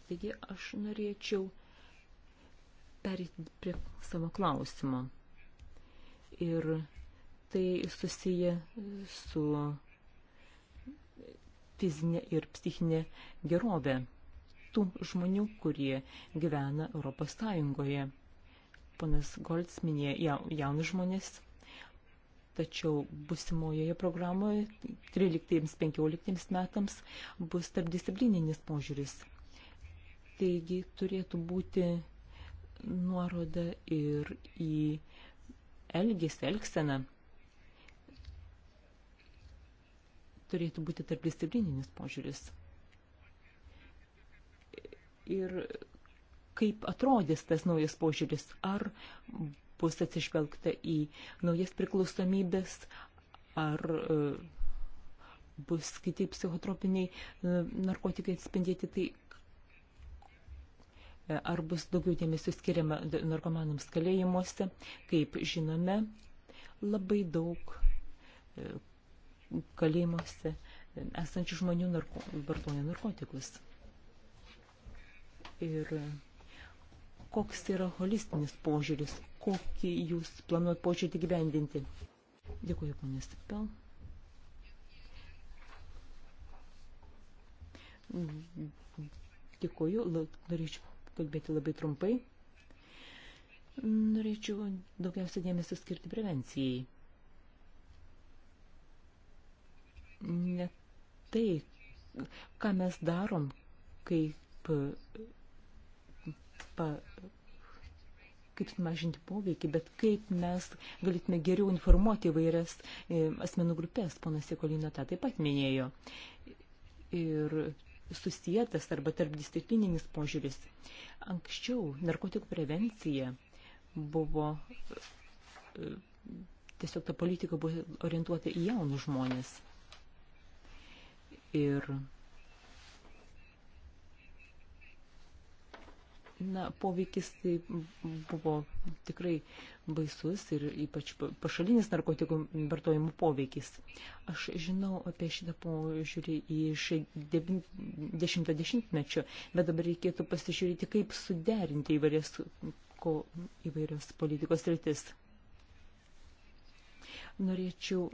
Taigi aš norėčiau perėti prie savo klausimo. Ir tai susiję su fizinė ir psichinė gerovė tų žmonių, kurie gyvena Europos Sąjungoje. Ponas Golds minėjo jaunus žmonės, tačiau busimojoje programoje 13-15 metams bus tarpdisciplininis požiūris. Taigi turėtų būti nuoroda ir į elgesį, elgseną. Turėtų būti tarpdisciplininis požiūris. Ir kaip atrodys tas naujas požiūris, ar bus atsižvelgta į naujas priklausomybės, ar e, bus kiti psichotropiniai e, narkotikai atspindėti, tai ar bus daugiau dėmesio skiriama narkomanams kalėjimuose. Kaip žinome, labai daug e, kalėjimuose esančių žmonių narko, vartoja narkotikus. Ir koks yra holistinis požiūris, kokį jūs planuot požiūrį gyvendinti? Dėkuoju, ponė Stipel. Dėkuoju, norėčiau kalbėti labai trumpai. Norėčiau daugiausia dėmesio skirti prevencijai. Ne tai, ką mes darom, kaip, pa, kaip mažinti poveikį, bet kaip mes galėtume geriau informuoti vairias e, asmenų grupės, ponas Jekolina tą taip pat minėjo. Ir susijęs arba tarpdisciplininis požiūris. Anksčiau narkotikų prevencija buvo, e, tiesiog ta politika buvo orientuota į jaunus žmonės. Ir Na, poveikis tai buvo tikrai baisus ir ypač pašalinis narkotikų vartojimų poveikis. Aš žinau apie šitą požiūrį iš 10-mečio, bet dabar reikėtų pasižiūrėti, kaip suderinti įvairias, ko, įvairios politikos rytis. Norėčiau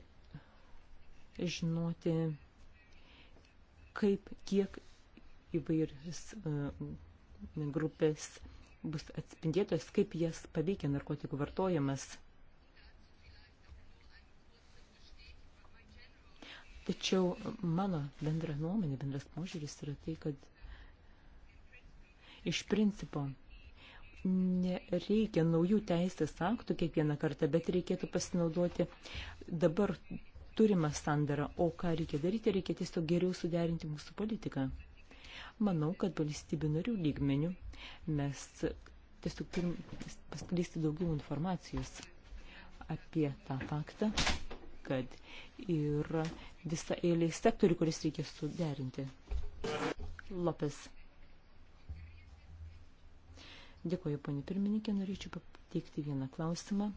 žinoti, kaip, kiek įvairius. Uh, grupės bus atspindėtos, kaip jas paveikia narkotikų vartojimas. Tačiau mano bendra nuomonė, bendras požiūris yra tai, kad iš principo nereikia naujų teisės aktų kiekvieną kartą, bet reikėtų pasinaudoti dabar turimą sandarą. O ką reikia daryti, reikia tiesiog geriau suderinti mūsų politiką. Manau, kad valstybių narių lygmenių mes tiesiog turim paskleisti daugiau informacijos apie tą faktą, kad yra visa eilė sektorių, kuris reikia suderinti. Lopes. Dėkuoju, ponė pirmininkė, norėčiau pateikti vieną klausimą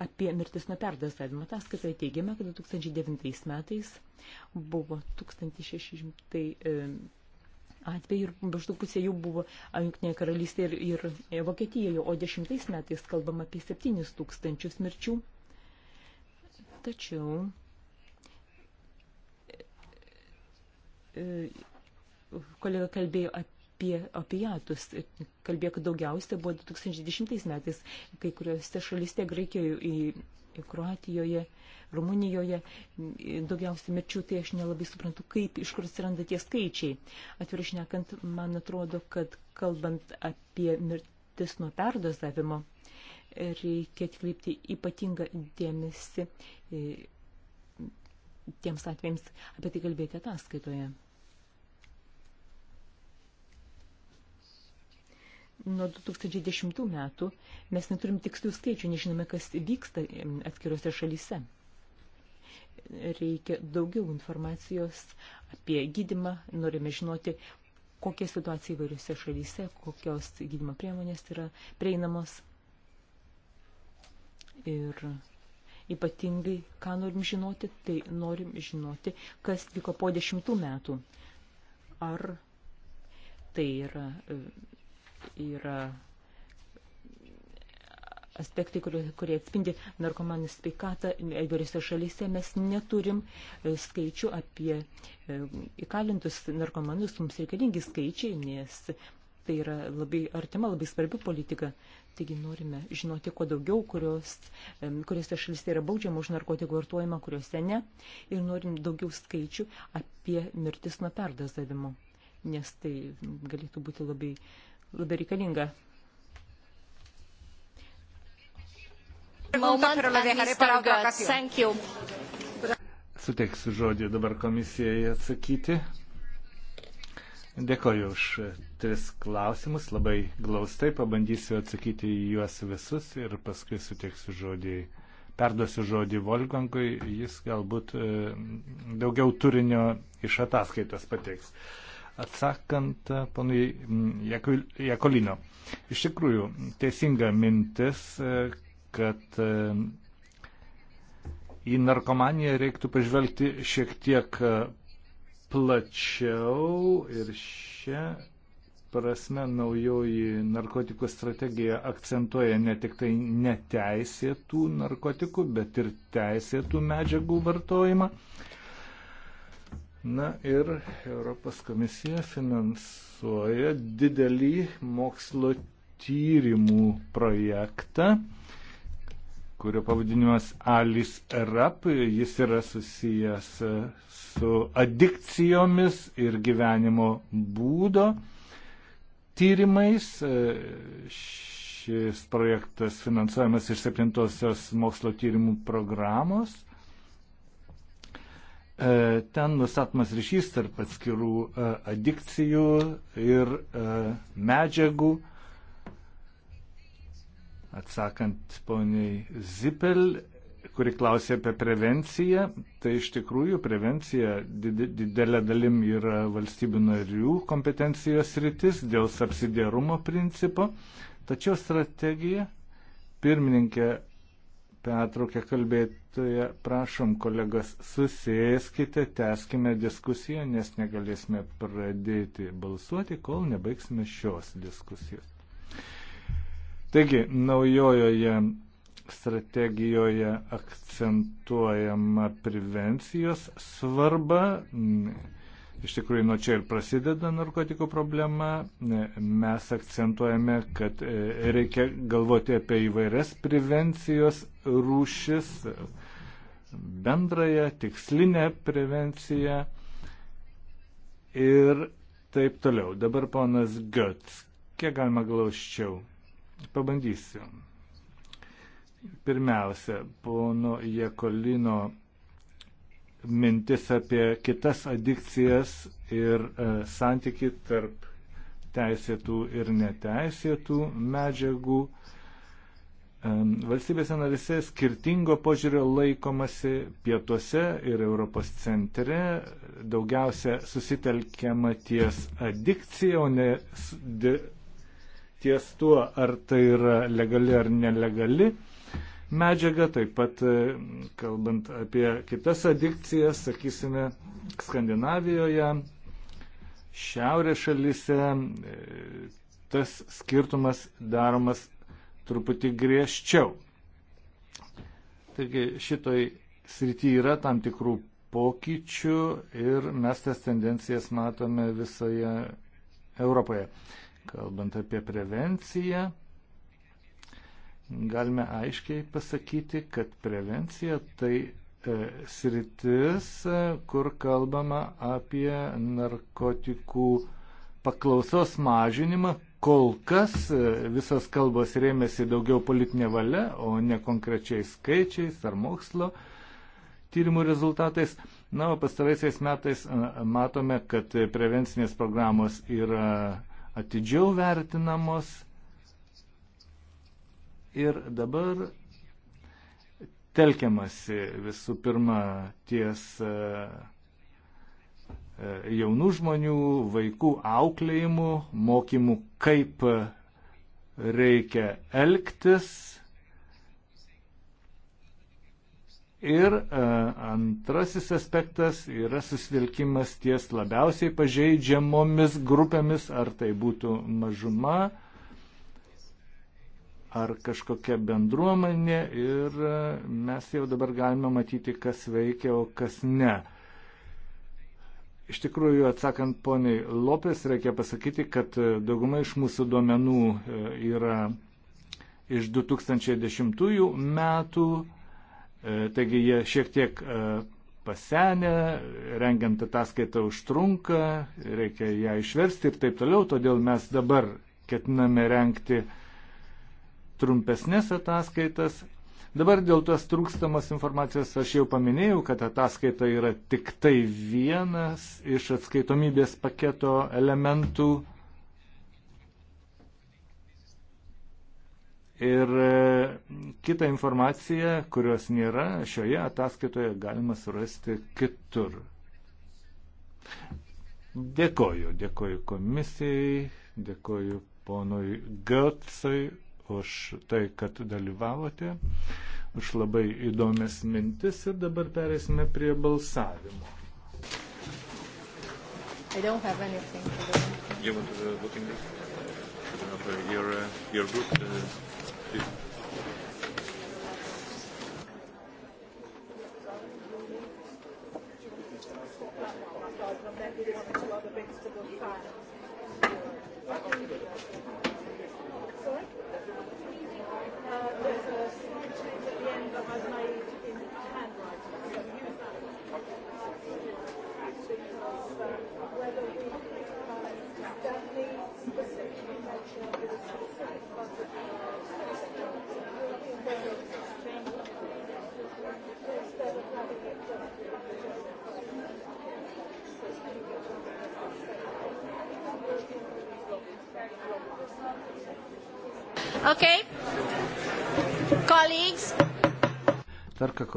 apie mirtis nuo perdozavimo. Ataskaitoje teigiama, kad 2009 metais buvo 1600 e, atvejų ir maždaug pusė jų buvo Junktinėje karalystėje ir, ir e, Vokietijoje, o dešimtais metais kalbam apie 7000 mirčių. Tačiau e, kolega kalbėjo apie apie opiatus. Kalbėjo, kad daugiausia buvo 2010 metais, kai kuriuose šalyse, Graikijoje, Kroatijoje, Rumunijoje, daugiausia mirčių, tai aš nelabai suprantu, kaip, iš kur atsiranda tie skaičiai. Atvirai šnekant, man atrodo, kad kalbant apie mirtis nuo perdozavimo, reikia atkreipti ypatingą dėmesį e, tiems atvejams apie tai kalbėti ataskaitoje. nuo 2010 metų mes neturim tikslių skaičių, nežinome, kas vyksta atskiriuose šalyse. Reikia daugiau informacijos apie gydimą, norime žinoti, kokia situacija įvairiuose šalyse, kokios gydimo priemonės yra prieinamos. Ir ypatingai, ką norim žinoti, tai norim žinoti, kas vyko po dešimtų metų. Ar tai yra yra aspektai, kurie, kurie atspindi narkomanų sveikatą įvairiose šalyse. Mes neturim e, skaičių apie e, įkalintus narkomanus, mums reikalingi skaičiai, nes tai yra labai artima, labai svarbi politika. Taigi norime žinoti, kuo daugiau, kurios, kuriuose šalyse yra baudžiama už narkotikų vartojimą, kuriuose ne. Ir norim daugiau skaičių apie mirtis nuo perdozavimo, nes tai galėtų būti labai uh, labai reikalinga. Suteiksiu žodį dabar komisijai atsakyti. Dėkoju už tris klausimus, labai glaustai pabandysiu atsakyti į juos visus ir paskui suteiksiu žodį, perduosiu žodį Volgankui, jis galbūt e, daugiau turinio iš ataskaitos pateiks. Atsakant e, panui Jekolino, iš tikrųjų teisinga mintis, e, kad e, į narkomaniją reiktų pažvelgti šiek tiek plačiau ir šią prasme naujoji narkotikų strategija akcentuoja ne tik tai neteisėtų narkotikų, bet ir teisėtų medžiagų vartojimą. Na ir Europos komisija finansuoja didelį mokslo tyrimų projektą, kurio pavadinimas Alis Rap. Jis yra susijęs su adikcijomis ir gyvenimo būdo tyrimais. Šis projektas finansuojamas iš septintosios mokslo tyrimų programos. E, ten nustatomas ryšys tarp atskirų e, adikcijų ir e, medžiagų. Atsakant poniai Zipel, kuri klausė apie prevenciją, tai iš tikrųjų prevencija didelė dalim yra valstybių narių kompetencijos rytis dėl subsidiarumo principo, tačiau strategija, pirmininkė, pertraukę kalbėtoje. Prašom, kolegos, susėskite, teskime diskusiją, nes negalėsime pradėti balsuoti, kol nebaigsime šios diskusijos. Taigi, naujojoje strategijoje akcentuojama prevencijos svarba. M, Iš tikrųjų, nuo čia ir prasideda narkotikų problema. Mes akcentuojame, kad e, reikia galvoti apie įvairias prevencijos rūšis, bendrąją, tikslinę prevenciją ir taip toliau. Dabar ponas Götz, kiek galima glaučiau? Pabandysiu. Pirmiausia, pono Jekolino mintis apie kitas adikcijas ir e, santyki tarp teisėtų ir neteisėtų medžiagų. E, valstybėse narise skirtingo požiūrio laikomasi pietuose ir Europos centre. Daugiausia susitelkiama ties adikcija, o ne ties tuo, ar tai yra legali ar nelegali medžiagą, taip pat e, kalbant apie kitas adikcijas, sakysime, Skandinavijoje, šiaurės šalise, e, tas skirtumas daromas truputį griežčiau. Taigi šitoj srityje yra tam tikrų pokyčių ir mes tas tendencijas matome visoje Europoje. Kalbant apie prevenciją, galime aiškiai pasakyti, kad prevencija tai e, sritis, e, kur kalbama apie narkotikų paklausos mažinimą. Kol kas e, visos kalbos rėmėsi daugiau politinė valia, o ne konkrečiais skaičiais ar mokslo tyrimų rezultatais. Na, o pastaraisiais metais matome, kad prevencinės programos yra atidžiau vertinamos Ir dabar telkiamasi visų pirma ties e, e, jaunų žmonių, vaikų auklėjimu, mokymu, kaip reikia elgtis. Ir e, antrasis aspektas yra susvilkimas ties labiausiai pažeidžiamomis grupėmis, ar tai būtų mažuma, ar kažkokia bendruomenė ir e, mes jau dabar galime matyti, kas veikia, o kas ne. Iš tikrųjų, atsakant poniai Lopės, reikia pasakyti, kad e, dauguma iš mūsų duomenų e, yra iš 2010 metų, taigi jie šiek tiek pasenę, rengiant ataskaitą užtrunka, reikia ją išversti ir taip toliau, todėl mes dabar ketiname renkti uh, trumpesnės ataskaitas. Dabar dėl tos trūkstamos informacijos aš jau paminėjau, kad ataskaita yra tik tai vienas iš atskaitomybės paketo elementų. Ir e, kitą informaciją, kurios nėra, šioje ataskaitoje galima surasti kitur. Dėkoju, dėkoju komisijai, dėkoju ponui Götsai už tai, kad dalyvavote, už labai įdomias mintis ir dabar perėsime prie balsavimo. I don't have anything for the You want to uh, book in this? Uh, your, uh, your group, uh,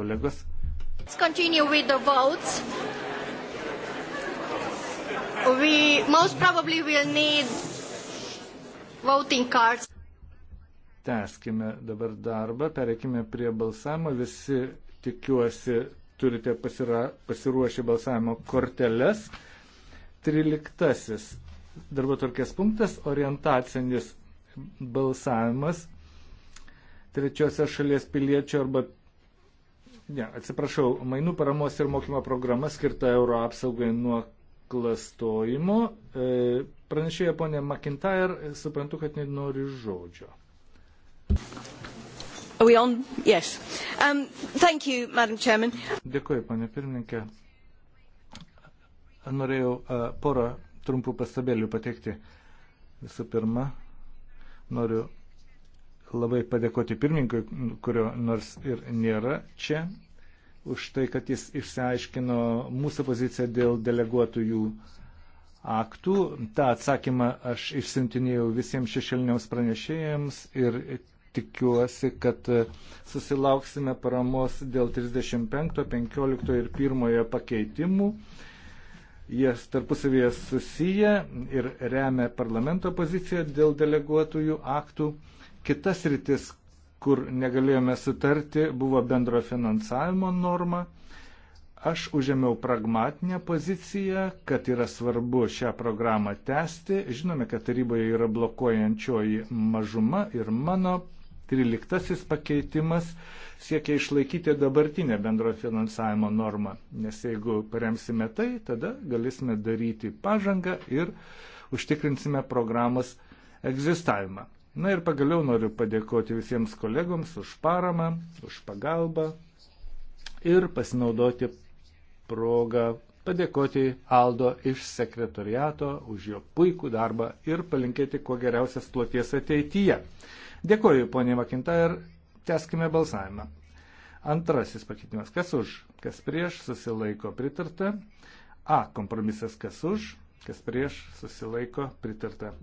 kolegos. Let's continue with the votes. We most probably will need voting cards. Teskime dabar darbą, pereikime prie balsavimo. Visi, tikiuosi, turite pasira, pasiruošę balsavimo korteles. Triliktasis darbo tvarkės punktas - orientacinis balsavimas trečiosios šalies piliečio arba Ne, atsiprašau, mainų paramos ir mokymo programa skirta euro apsaugai nuo klastojimo. E, Pranešėjo ponė McIntyre, suprantu, kad nenori žodžio. Yes. Um, you, Dėkuoju, panė pirmininkė. Norėjau uh, porą trumpų pastabėlių pateikti. Visų pirma, noriu labai padėkoti pirmininkui, kurio nors ir nėra čia, už tai, kad jis išsiaiškino mūsų poziciją dėl deleguotųjų aktų. Ta atsakymą aš išsintinėjau visiems šešėliniams pranešėjams ir tikiuosi, kad susilauksime paramos dėl 35, 15 ir 1 pakeitimų. Jie tarpusavėje susiję ir remia parlamento poziciją dėl deleguotųjų aktų. Kitas rytis, kur negalėjome sutarti, buvo bendro finansavimo norma. Aš užėmiau pragmatinę poziciją, kad yra svarbu šią programą tęsti. Žinome, kad taryboje yra blokuojančioji mažuma ir mano 13 pakeitimas siekia išlaikyti dabartinę bendro finansavimo normą, nes jeigu paremsime tai, tada galėsime daryti pažangą ir užtikrinsime programos egzistavimą. Na ir pagaliau noriu padėkoti visiems kolegoms už paramą, už pagalbą ir pasinaudoti progą padėkoti Aldo iš sekretoriato už jo puikų darbą ir palinkėti kuo geriausias ploties ateityje. Dėkoju, ponė Makinta, ir teskime balsavimą. Antrasis pakeitimas, kas už, kas prieš, susilaiko pritarta. A, kompromisas, kas už, kas prieš, susilaiko pritarta.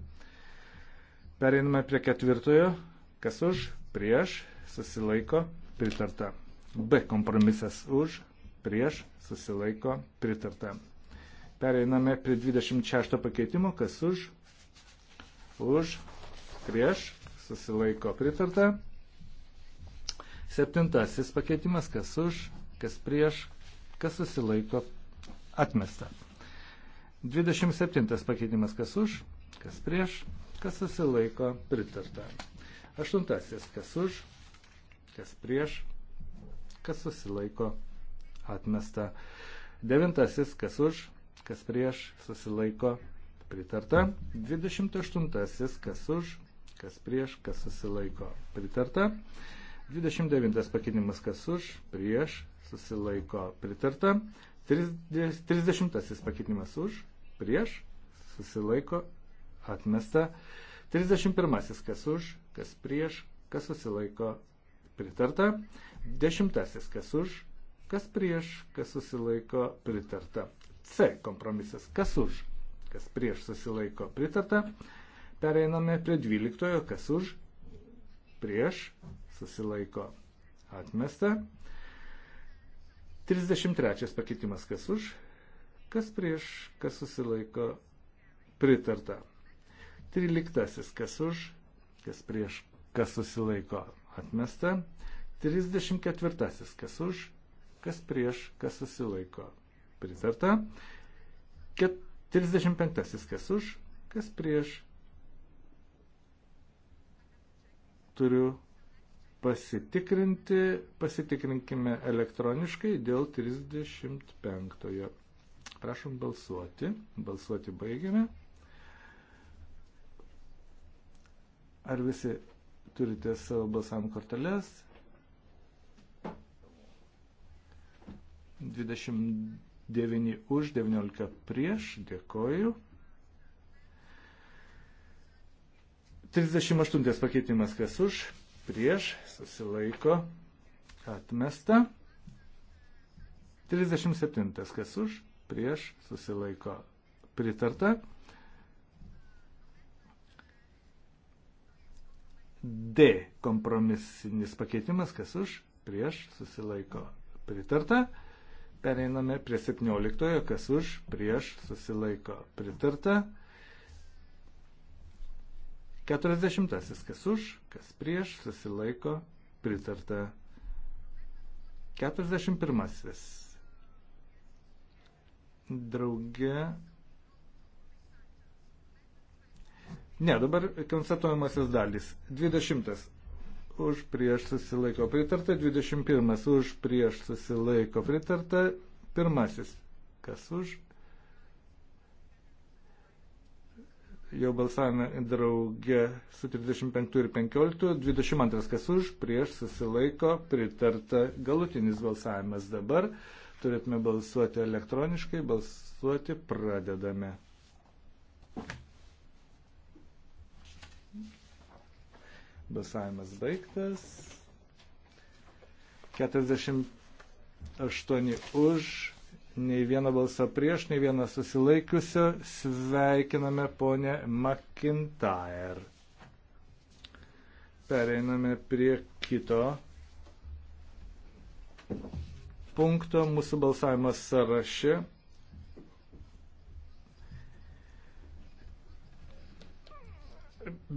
Pereiname prie ketvirtojo. Kas už, prieš, susilaiko, pritarta. B kompromisas už, prieš, susilaiko, pritarta. Pereiname prie 26 pakeitimo. Kas už, už, prieš, susilaiko, pritarta. Septintasis pakeitimas. Kas už, kas prieš, kas susilaiko, atmesta. 27 pakeitimas. Kas už, kas prieš, kas susilaiko pritarta. Aštuntasis, kas už, kas prieš, kas susilaiko atmesta. Devintasis, kas už, kas prieš, susilaiko pritarta. Dvidešimt aštuntasis, kas už, kas prieš, kas susilaiko pritarta. 29 pakeitimas kas už, prieš, susilaiko pritarta. 30 pakeitimas už, prieš, susilaiko atmesta. 31. Kas už, kas prieš, kas susilaiko pritarta. 10. Kas už, kas prieš, kas susilaiko pritarta. C. Kompromisas. Kas už, kas prieš susilaiko pritarta. Pereiname prie 12. Kas už, prieš susilaiko atmesta. 33 pakeitimas kas už, kas prieš, kas susilaiko pritarta. 13. Kas už, kas prieš, kas susilaiko atmesta. 34. Kas už, kas prieš, kas susilaiko pritarta. 35. Kas už, kas prieš. Turiu pasitikrinti, pasitikrinkime elektroniškai dėl 35. Prašom balsuoti. Balsuoti baigiame. Ar visi turite savo balsavimo korteles? 29 už, 19 prieš, dėkoju. 38 pakeitimas, kas už, prieš, susilaiko, atmesta. 37 kas už, prieš, susilaiko, pritarta. D kompromisinis pakeitimas, kas už, prieš, susilaiko pritarta. Pereiname prie 17, kas už, prieš, susilaiko pritarta. 40, kas už, kas prieš, susilaiko pritarta. 41. Drauge Ne, dabar konstatuojamasis dalis. 20. Už prieš susilaiko pritarta. 21. Už prieš susilaiko pritarta. Pirmasis. Kas už? Jau balsavome drauge su 35 ir 15. 22. Kas už? Prieš susilaiko pritarta. Galutinis balsavimas dabar. Turėtume balsuoti elektroniškai. Balsuoti pradedame. Thank you. Balsavimas baigtas. 48 už, nei vieną balsą prieš, nei vieną susilaikiusio. Sveikiname ponę McIntyre. Pereiname prie kito punkto mūsų balsavimo sąraše.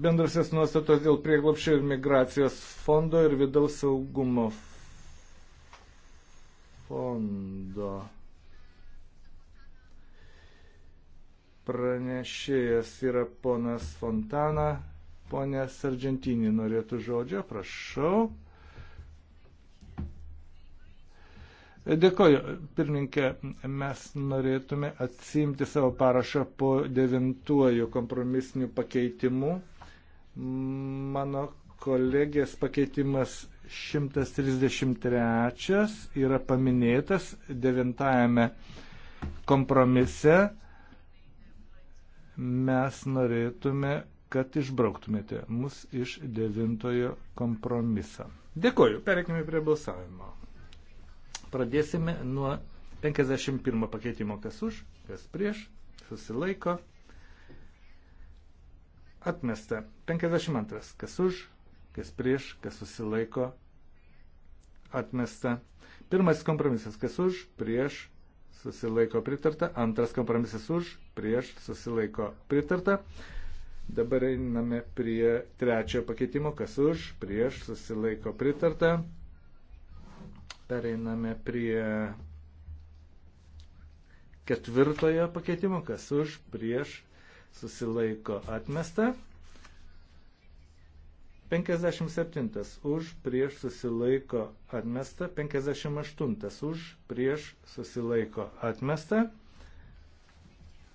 bendrasis nuostatos dėl prieglopščio ir migracijos fondo ir vidaus saugumo fondo. Pranešėjas yra ponas Fontana, ponė Sargentinį norėtų žodžio, prašau. Dėkoju, pirmininkė, mes norėtume atsimti savo parašą po devintuoju kompromisiniu pakeitimu. Mano kolegės pakeitimas 133 yra paminėtas devintajame kompromise. Mes norėtume, kad išbrauktumėte mus iš devintojo kompromiso. Dėkoju, pereikime prie balsavimo. Pradėsime nuo 51 pakeitimo, kas už, kas prieš, susilaiko. Atmesta. 52, kas už, kas prieš, kas susilaiko. Atmesta. Pirmasis kompromisas, kas už, prieš, susilaiko pritarta. Antras kompromisas už, prieš, susilaiko pritarta. Dabar einame prie trečiojo pakeitimo, kas už, prieš, susilaiko pritarta. Pereiname prie ketvirtojo pakeitimo, kas už, prieš, susilaiko atmesta. 57 už, prieš, susilaiko atmesta. 58 už, prieš, susilaiko atmesta.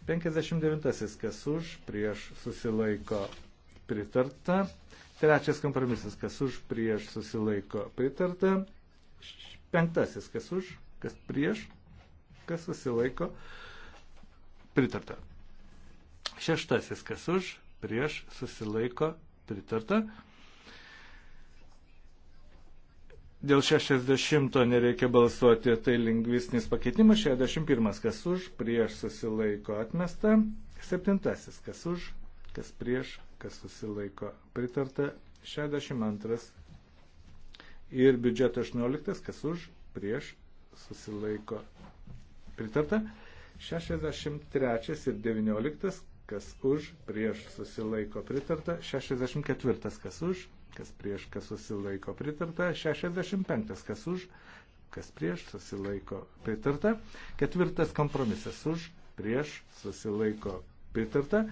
59 kas už, prieš, susilaiko pritarta. Trečias kompromisas, kas už, prieš, susilaiko pritarta. Penktasis, kas už, kas prieš, kas susilaiko, pritarta. Šeštasis, kas už, prieš, susilaiko, pritarta. Dėl 60 nereikia balsuoti, tai lingvistinis pakeitimas. 61, kas už, prieš, susilaiko, atmesta. Septintasis, kas už, kas prieš, kas susilaiko, pritarta. 62, ir biudžeto 18, kas už, prieš, susilaiko pritarta. 63 ir 19, kas už, prieš, susilaiko pritarta. 64, kas už, kas prieš, kas susilaiko pritarta. 65, kas už, kas prieš, susilaiko pritarta. Ketvirtas kompromisas už, prieš, susilaiko pritarta.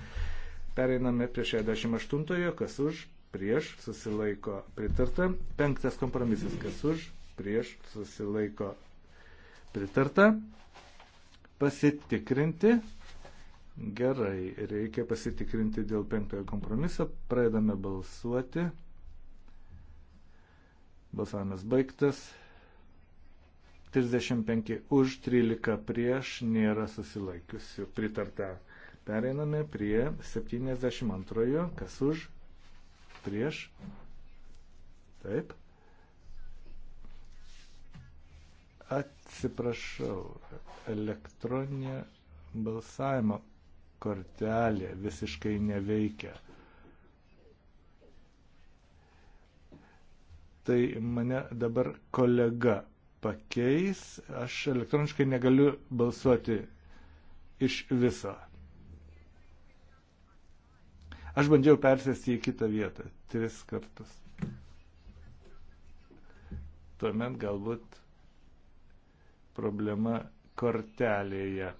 Pereiname prie 68, kas už, prieš, susilaiko pritarta. Penktas kompromisas, kas už, prieš, susilaiko pritarta. Pasitikrinti. Gerai, reikia pasitikrinti dėl penktojo kompromiso. Pradedame balsuoti. Balsavimas baigtas. 35 už, 13 prieš, nėra susilaikiusių. Pritarta. Pereiname prie 72, kas už, prieš. Taip. Atsiprašau, elektroninė balsavimo kortelė visiškai neveikia. Tai mane dabar kolega pakeis, aš elektroniškai negaliu balsuoti iš viso. Aš bandžiau persėsti į kitą vietą tris kartus. Tuomet galbūt problema kortelėje.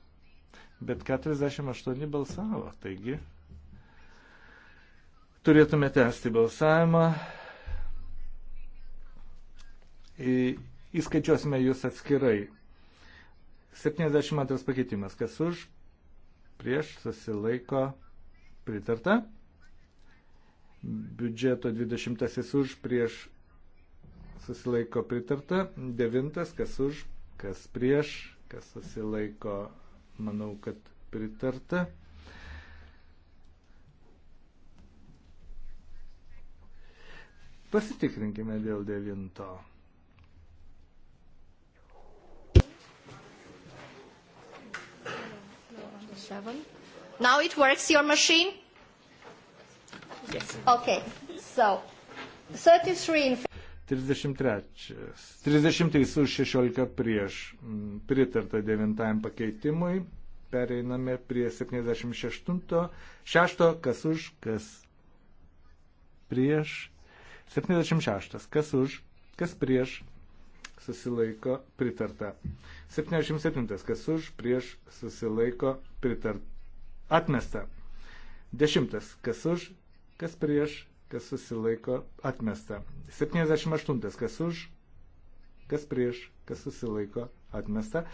Bet 48 balsavo, taigi turėtume tęsti balsavimą. Įskaičiuosime jūs atskirai. 72 pakeitimas. Kas už? Prieš susilaiko pritarta biudžeto 20 už prieš susilaiko pritarta, 9 kas už, kas prieš, kas susilaiko, manau, kad pritarta. Pasitikrinkime dėl devinto. Now it works your machine? Yes. Okay. So, 33. 33. 30 už 16 prieš mm, pritarta devintajam pakeitimui. Pereiname prie 76. 6. Kas už, kas prieš. 76. Kas už, kas prieš. Susilaiko pritarta. 77. Kas už, prieš. Susilaiko pritarta. Atmesta. 10. Kas už, kas prieš, kas susilaiko, atmesta. 78, kas už, kas prieš, kas susilaiko, atmesta.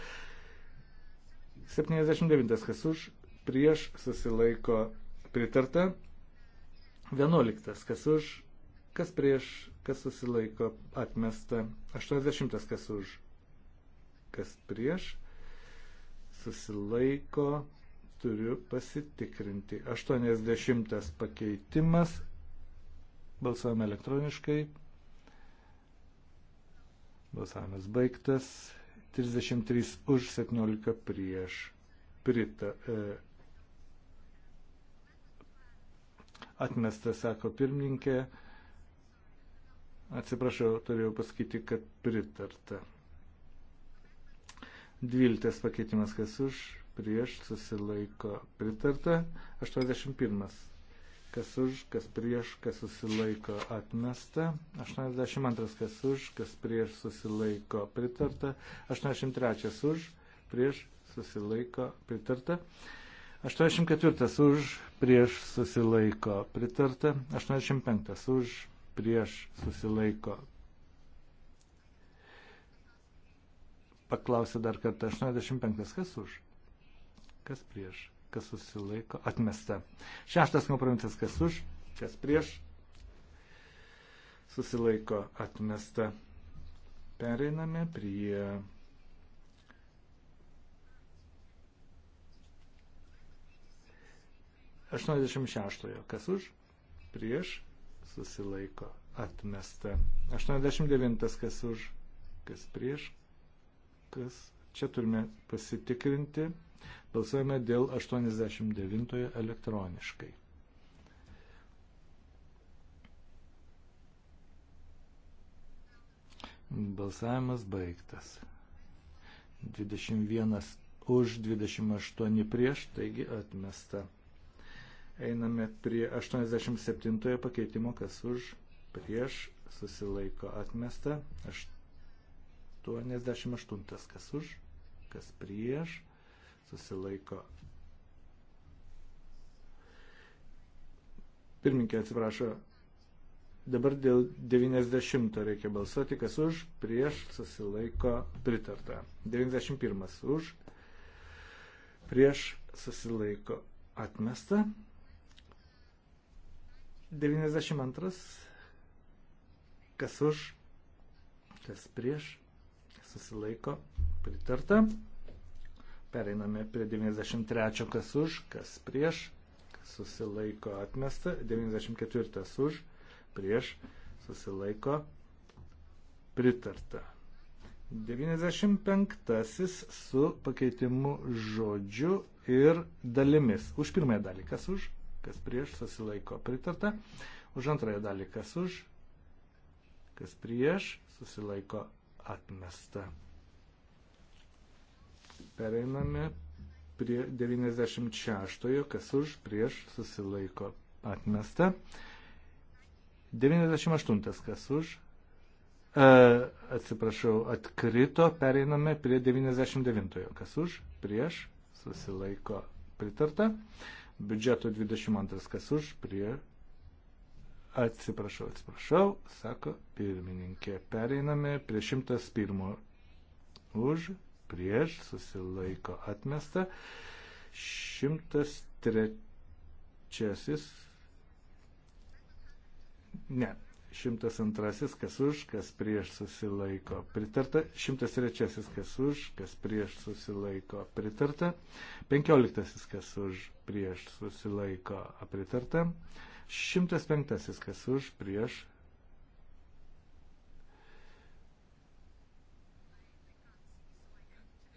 79, kas už, prieš, susilaiko, pritarta. 11, kas už, kas prieš, kas susilaiko, atmesta. 80, kas už, kas prieš, susilaiko, atmesta turiu pasitikrinti. 80 pakeitimas. Balsavome elektroniškai. Balsavimas baigtas. 33 už 17 prieš. Prita. E, atmestas, sako pirmininkė. Atsiprašau, turėjau pasakyti, kad pritarta. Dvyliktas pakeitimas, kas už, prieš susilaiko pritarta, 81. Kas už, kas prieš, kas susilaiko atmesta, 82. Kas už, kas prieš susilaiko pritarta, 83. Už, prieš susilaiko pritarta. 84 už, prieš susilaiko pritarta, 85 už, prieš susilaiko. Paklausė dar kartą, 85 kas už? kas prieš, kas susilaiko, atmesta. Šeštas kompromisas, kas už, kas prieš, susilaiko, atmesta. Pereiname prie Aštuoniasdešimt šeštojo, kas už, prieš, susilaiko, atmesta. 89 kas už, kas prieš, kas. Čia turime pasitikrinti. Balsuojame dėl 89 elektroniškai. Balsavimas baigtas. 21 už 28 prieš, taigi atmesta. Einame prie 87 pakeitimo, kas už prieš susilaiko atmesta. 88 kas už, kas prieš susilaiko. Pirminkė atsiprašo, dabar dėl 90 reikia balsuoti, kas už, prieš susilaiko pritarta. 91 už, prieš susilaiko atmesta. 92 kas už, kas prieš susilaiko pritarta. Pereiname prie 93, kas už, kas prieš, kas susilaiko atmesta, 94 už, prieš, susilaiko pritarta. 95 su pakeitimu žodžiu ir dalimis. Už pirmąją dalį, kas už, kas prieš, susilaiko pritarta. Už antrąją dalį, kas už, kas prieš, susilaiko atmesta. Pereiname prie 96, kas už, prieš, susilaiko, atmesta. 98, kas už, e, atsiprašau, atkrito, pereiname prie 99, kas už, prieš, susilaiko, pritarta. Biudžeto 22, kas už, prie, atsiprašau, atsiprašau, sako pirmininkė. Pereiname prie 101, už, prieš, susilaiko atmesta. 103. Ne. 102. Kas už, kas prieš susilaiko pritarta. 103. Kas už, kas prieš susilaiko pritarta. 15. Kas už, prieš susilaiko pritarta. 105. Kas už, prieš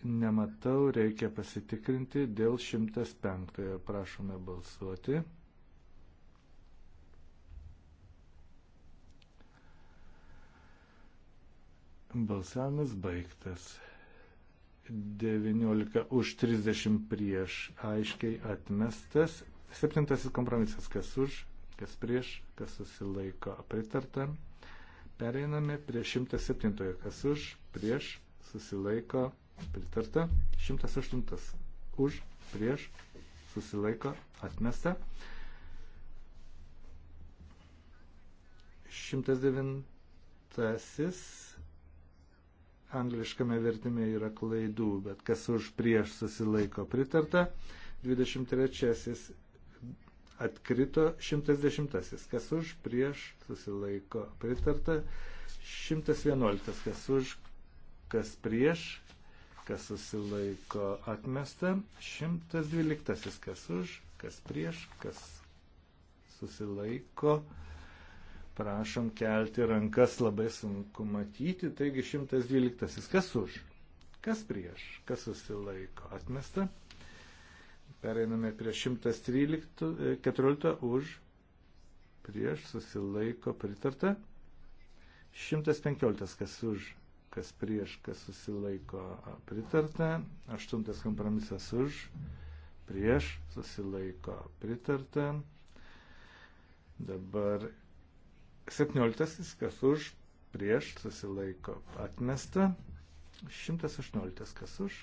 nematau, reikia pasitikrinti dėl 105. Prašome balsuoti. Balsavimas baigtas. 19 už 30 prieš aiškiai atmestas. Septintasis kompromisas, kas už, kas prieš, kas susilaiko pritarta. Pereiname prie 107, kas už, prieš, susilaiko pritarta pritarta. 108 už, prieš, susilaiko, atmesta. 109 angliškame vertime yra klaidų, bet kas už prieš susilaiko pritarta. 23 atkrito 110, kas už prieš susilaiko pritarta. 111, kas už, kas prieš kas susilaiko atmesta, 112 kas už, kas prieš, kas susilaiko. Prašom kelti rankas, labai sunku matyti. Taigi 112. Kas už? Kas prieš? Kas susilaiko? Atmesta. Pereiname prie 113. 14 e, už. Prieš susilaiko pritarta. 115. Kas už? kas prieš, kas susilaiko pritarta, aštuntas kompromisas už, prieš, susilaiko pritarta. Dabar septynioliktasis, kas už, prieš, susilaiko atmesta, šimtas aštuonioliktas, kas už,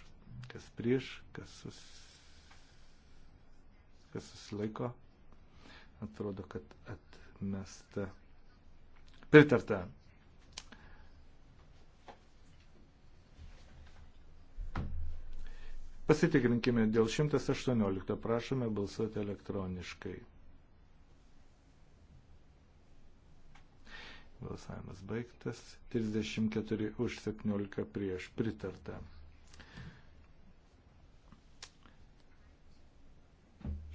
kas prieš, kas, sus... kas susilaiko, atrodo, kad atmesta. Pritarta. Pasitikrinkime dėl 118. Prašome balsuoti elektroniškai. Balsavimas baigtas. 34 už 17 prieš pritarta.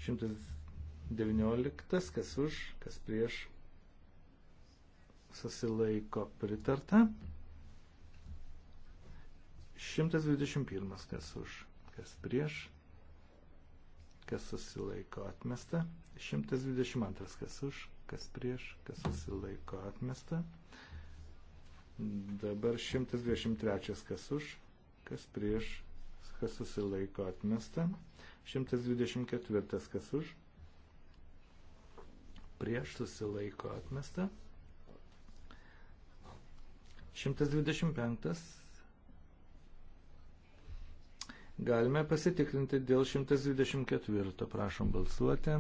Šimtas devynioliktas, kas už, kas prieš, susilaiko pritarta. Šimtas dvidešimt pirmas, kas už, kas prieš, kas susilaiko atmesta, 122 kas už, kas prieš, kas susilaiko atmesta, dabar 123 kas už, kas prieš, kas susilaiko atmesta, 124 kas už, prieš susilaiko atmesta, 125 Galime pasitikrinti dėl 124. Prašom balsuoti.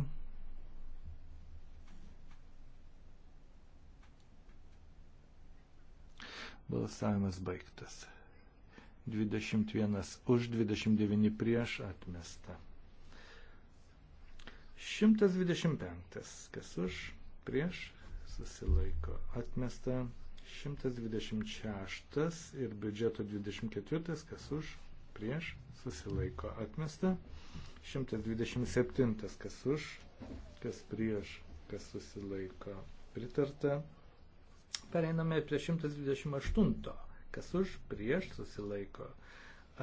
Balsavimas baigtas. 21 už 29 prieš atmesta. 125. Kas už prieš susilaiko atmesta. 126 ir biudžeto 24. Kas už prieš, susilaiko atmesta. 127, kas už, kas prieš, kas susilaiko pritarta. Pereiname prie 128, kas už, prieš, susilaiko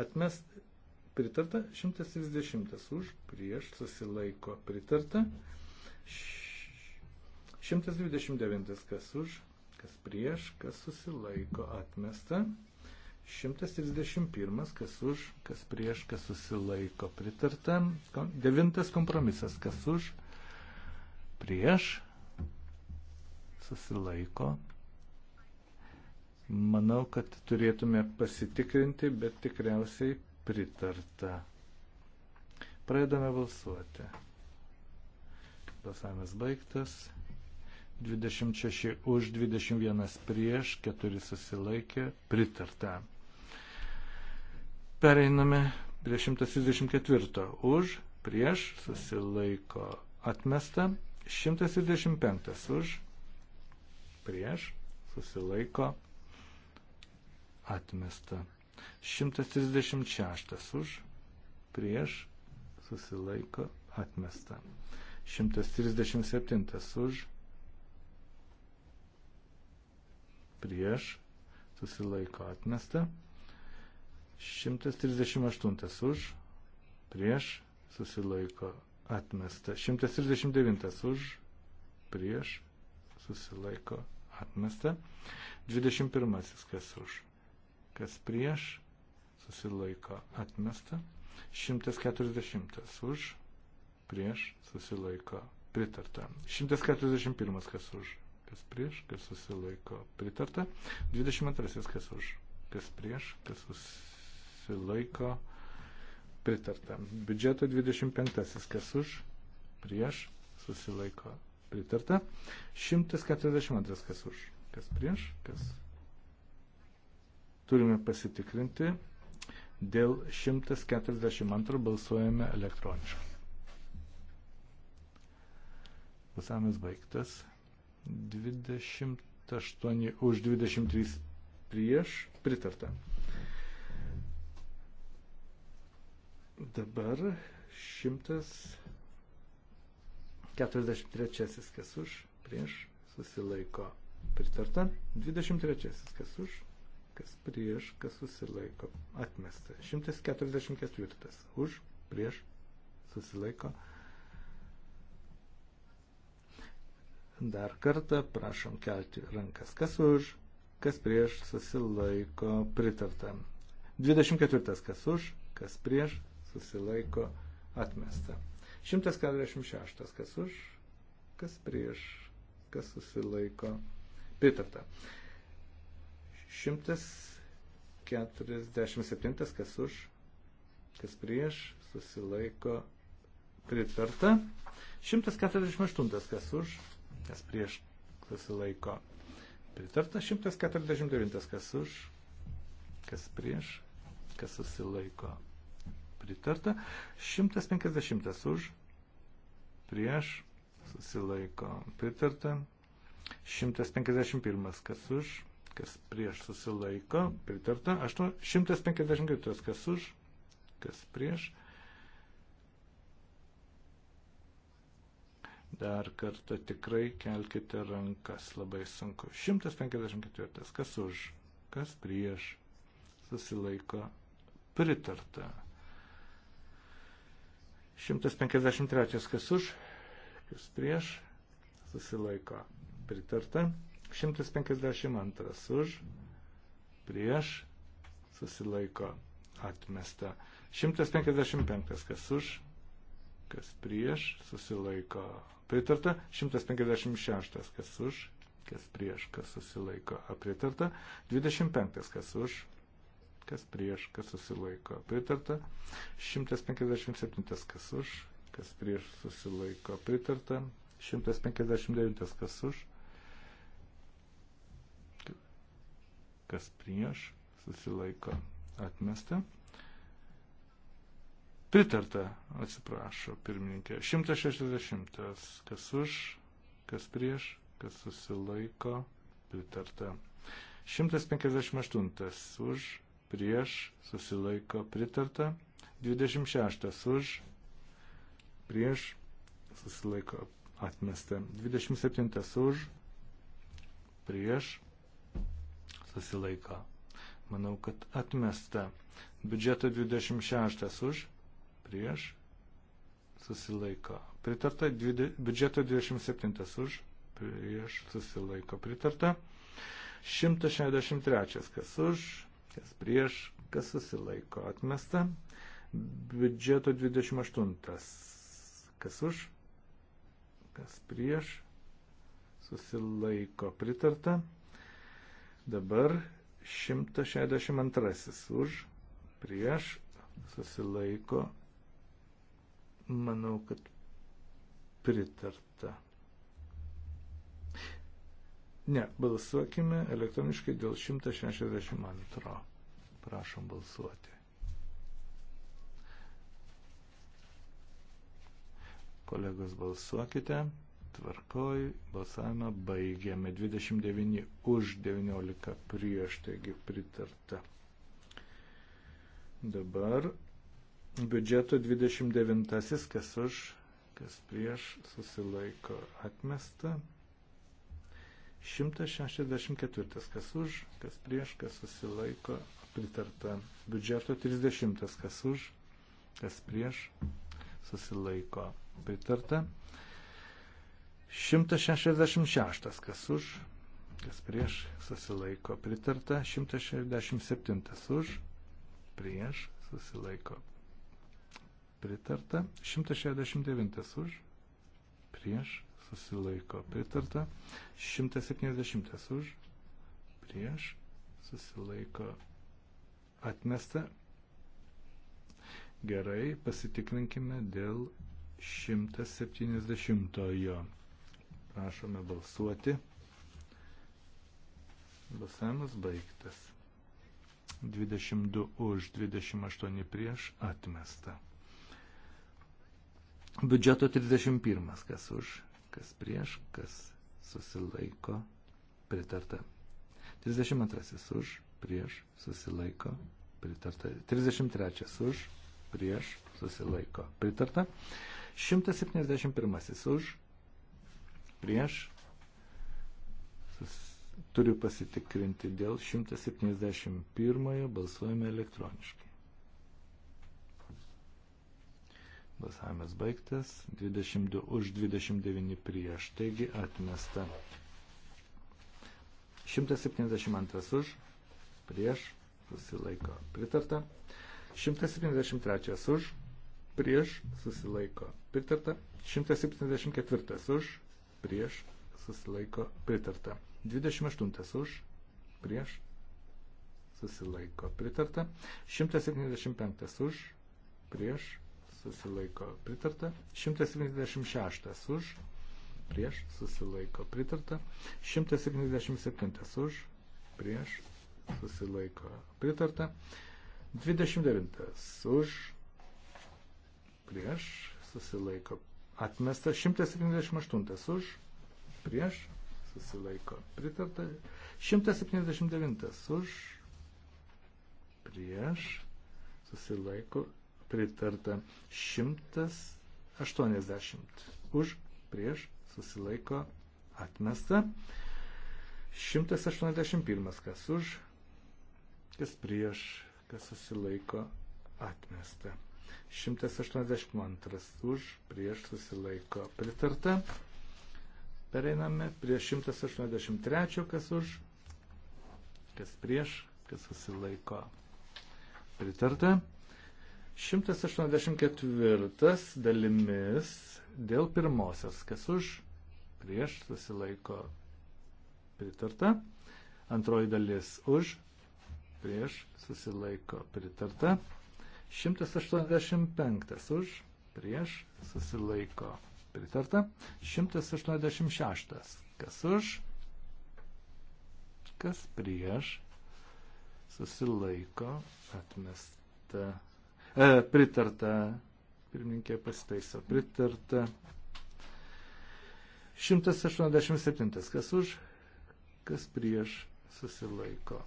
atmesta. Pritarta 130 už, prieš susilaiko pritarta. 129 kas už, kas prieš, kas susilaiko atmesta. 131, kas už, kas prieš, kas susilaiko pritarta. Devintas kompromisas, kas už, prieš, susilaiko. Manau, kad turėtume pasitikrinti, bet tikriausiai pritarta. Pradedame balsuoti. Balsavimas baigtas. 26 už, 21 prieš, 4 susilaikė, pritarta. Pereiname prie 134. Už, prieš, susilaiko atmesta. 135. Už, prieš, susilaiko atmesta. 136. Už, prieš, susilaiko atmesta. 137. Už, prieš, susilaiko atmesta. 138 už, prieš, susilaiko atmesta. 139 už, prieš, susilaiko atmesta. 21 kas už, kas prieš, susilaiko atmesta. 140 už, prieš, susilaiko pritarta. 141 kas už, kas prieš, kas susilaiko pritarta. 22 kas už, kas prieš, kas susilaiko susilaiko pritarta. Biudžeto 25. Kas už? Prieš susilaiko pritarta. 142. Kas už? Kas prieš? Kas? Turime pasitikrinti. Dėl 142 balsuojame elektroniškai. Balsavimas baigtas. 28 už 23 prieš pritarta. Dabar 143 kas už, prieš, susilaiko. Pritarta. 23 kas už, kas prieš, kas susilaiko. Atmesta. 144 už, prieš, susilaiko. Dar kartą prašom kelti rankas. Kas už, kas prieš, susilaiko. Pritarta. 24 kas už, kas prieš, susilaiko atmesta. 146. Kas už, kas prieš, kas susilaiko pritarta. 147. Kas už, kas prieš, susilaiko pritarta. 148. Kas už, kas prieš, susilaiko pritarta. 149. Kas už, kas prieš, kas susilaiko pritarta pritarta. 150 už, prieš, susilaiko pritarta. 151 kas už, kas prieš susilaiko pritarta. 152 kas už, kas prieš. Dar kartą tikrai kelkite rankas, labai sunku. 154. Kas už, kas prieš, susilaiko pritarta. 153 kas už, kas prieš, susilaiko pritarta. 152 už, prieš, susilaiko atmesta. 155 kas už, kas prieš, susilaiko pritarta. 156 kas už, kas prieš, kas susilaiko pritarta. 25 kas už, kas prieš, kas susilaiko pritarta. 157 kas už, kas prieš susilaiko pritarta. 159 kas už, kas prieš susilaiko atmesta. Pritarta, atsiprašo, pirmininkė. 160 kas už, kas prieš, kas susilaiko pritarta. 158 už, prieš, susilaiko pritarta. 26 už, prieš, susilaiko atmesta. 27 už, prieš, susilaiko. Manau, kad atmesta. Biudžeto 26 už, prieš, susilaiko. Pritarta, dvide, biudžeto 27 už, prieš, susilaiko. Pritarta. 163 kas už, kas prieš, kas susilaiko atmesta. Biudžeto 28. Kas už, kas prieš, susilaiko pritarta. Dabar 162. Už, prieš, susilaiko. Manau, kad pritarta. Ne, balsuokime elektroniškai dėl 162. Prašom balsuoti. Kolegos balsuokite. Tvarkoj, balsavimą baigėme. 29 už 19 prieš, taigi pritarta. Dabar biudžeto 29, kas už, kas prieš, susilaiko atmesta. 164. Kas už, kas prieš, kas susilaiko pritarta. Biudžeto 30. Kas už, kas prieš, susilaiko pritarta. 166. Kas už, kas prieš, susilaiko pritarta. 167. Už, prieš, susilaiko pritarta. 169. Už, prieš, susilaiko pritarta. 170 už, prieš, susilaiko atmesta. Gerai, pasitikrinkime dėl 170-ojo. Prašome balsuoti. Balsavimas baigtas. 22 už, 28 prieš, atmesta. Biudžeto 31, kas už, kas prieš, kas susilaiko, pritarta. 32 už, prieš, susilaiko, pritarta. 33 už, prieš, susilaiko, pritarta. 171 už, prieš, sus... turiu pasitikrinti dėl 171 balsuojame elektroniškai. Balsavimas baigtas. 22 už 29 prieš. Taigi atmesta. 172 už prieš. Susilaiko. Pritarta. 173 už prieš. Susilaiko. Pritarta. 174 už prieš. Susilaiko. Pritarta. 28 už prieš. Susilaiko. Pritarta. 175 už prieš susilaiko pritarta. 176 už, prieš susilaiko pritarta. 177 už, prieš susilaiko pritarta. 29 už, prieš susilaiko atmesta. 178 už, prieš susilaiko pritarta. 179 už, prieš susilaiko pritarta pritarta 180 už, prieš, susilaiko atmesta. 181 kas už, kas prieš, kas susilaiko atmesta. 182 už, prieš susilaiko pritarta. Pereiname prie 183, kas už, kas prieš, kas susilaiko pritarta. 184 dalimis dėl pirmosios, kas už, prieš, susilaiko pritarta. Antroji dalis už, prieš, susilaiko pritarta. 185 už, prieš, susilaiko pritarta. 186 kas už, kas prieš, susilaiko atmesta. E, pritarta. Pirmininkė pasitaiso. Pritarta. 187. Kas už, kas prieš susilaiko.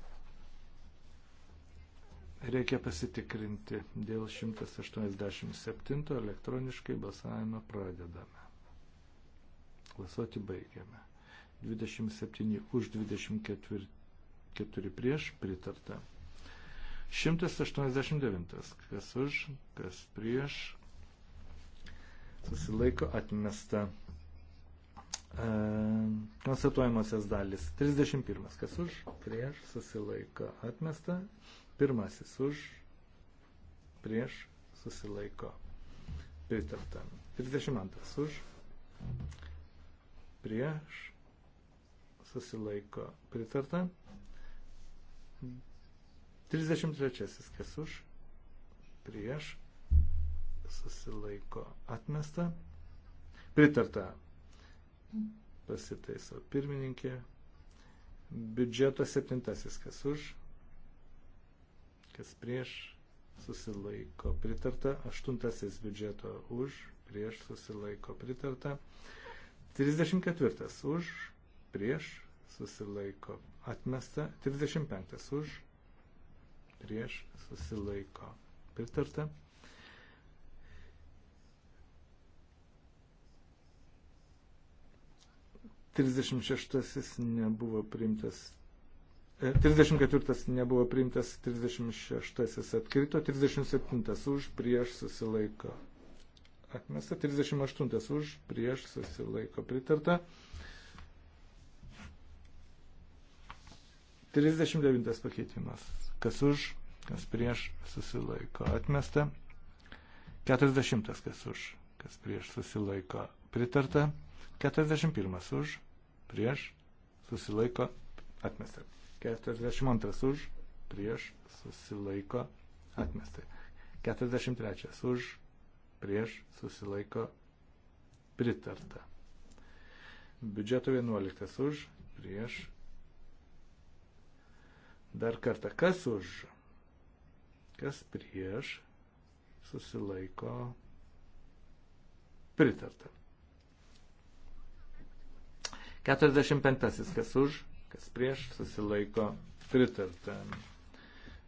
Reikia pasitikrinti. Dėl 187 elektroniškai balsavimą pradedame. Balsuoti baigiame. 27 už 24 prieš pritarta. 189. Kas už, kas prieš. Susilaiko atmesta. E, konstatuojamosios dalis. 31. Kas už, prieš. Susilaiko atmesta. Pirmasis už, prieš. Susilaiko pritarta. 32 už, prieš, susilaiko pritarta. 33. Kas už? Prieš. Susilaiko atmesta. Pritarta. Pasitaiso pirmininkė. Biudžeto septintasis. Kas už? Kas prieš? Susilaiko pritarta. Aštuntasis biudžeto už. Prieš susilaiko pritarta. 34. Už. Prieš susilaiko atmesta. 35. Už prieš susilaiko pritarta. Trisdešimt šeštasis nebuvo priimtas. 34 e, nebuvo priimtas, 36 atkrito, 37 už prieš susilaiko atmesta, 38 už, prieš susilaiko pritarta. 39 pakeitimas. Kas už, kas prieš susilaiko atmesta. 40. Kas už, kas prieš susilaiko pritarta. 41. Už, prieš susilaiko atmesta. 42. Už, prieš susilaiko atmesta. 43. Už, prieš susilaiko pritarta. Biudžeto 11. Už, prieš Dar kartą, kas už, kas prieš, susilaiko pritarta. 45. Kas už, kas prieš, susilaiko pritarta.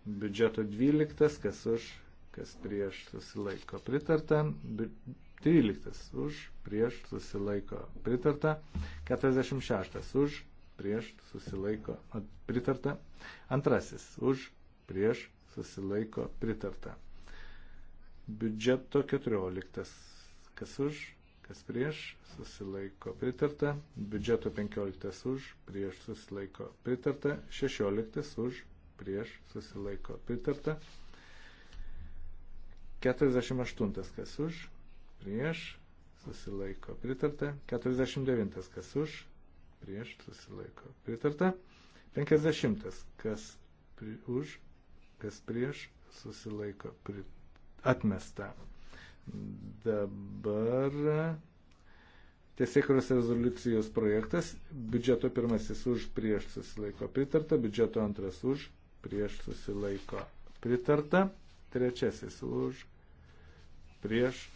Biudžeto 12. Kas už, kas prieš, susilaiko pritarta. 13. Už, prieš, susilaiko pritarta. 46. Už, prieš susilaiko pritarta. Antrasis už prieš susilaiko pritarta. Biudžeto 14. Kas už, kas prieš susilaiko pritarta. Biudžeto 15 už prieš susilaiko pritarta. 16 už prieš susilaiko pritarta. 48 kas už, prieš, susilaiko pritarta. 49 kas už, prieš susilaiko pritarta. 50. Kas pri, už, kas prieš susilaiko pri, atmesta. Dabar tiesiekros rezoliucijos projektas. Biudžeto pirmasis už prieš susilaiko pritarta. Biudžeto antras už prieš susilaiko pritarta. Trečiasis už prieš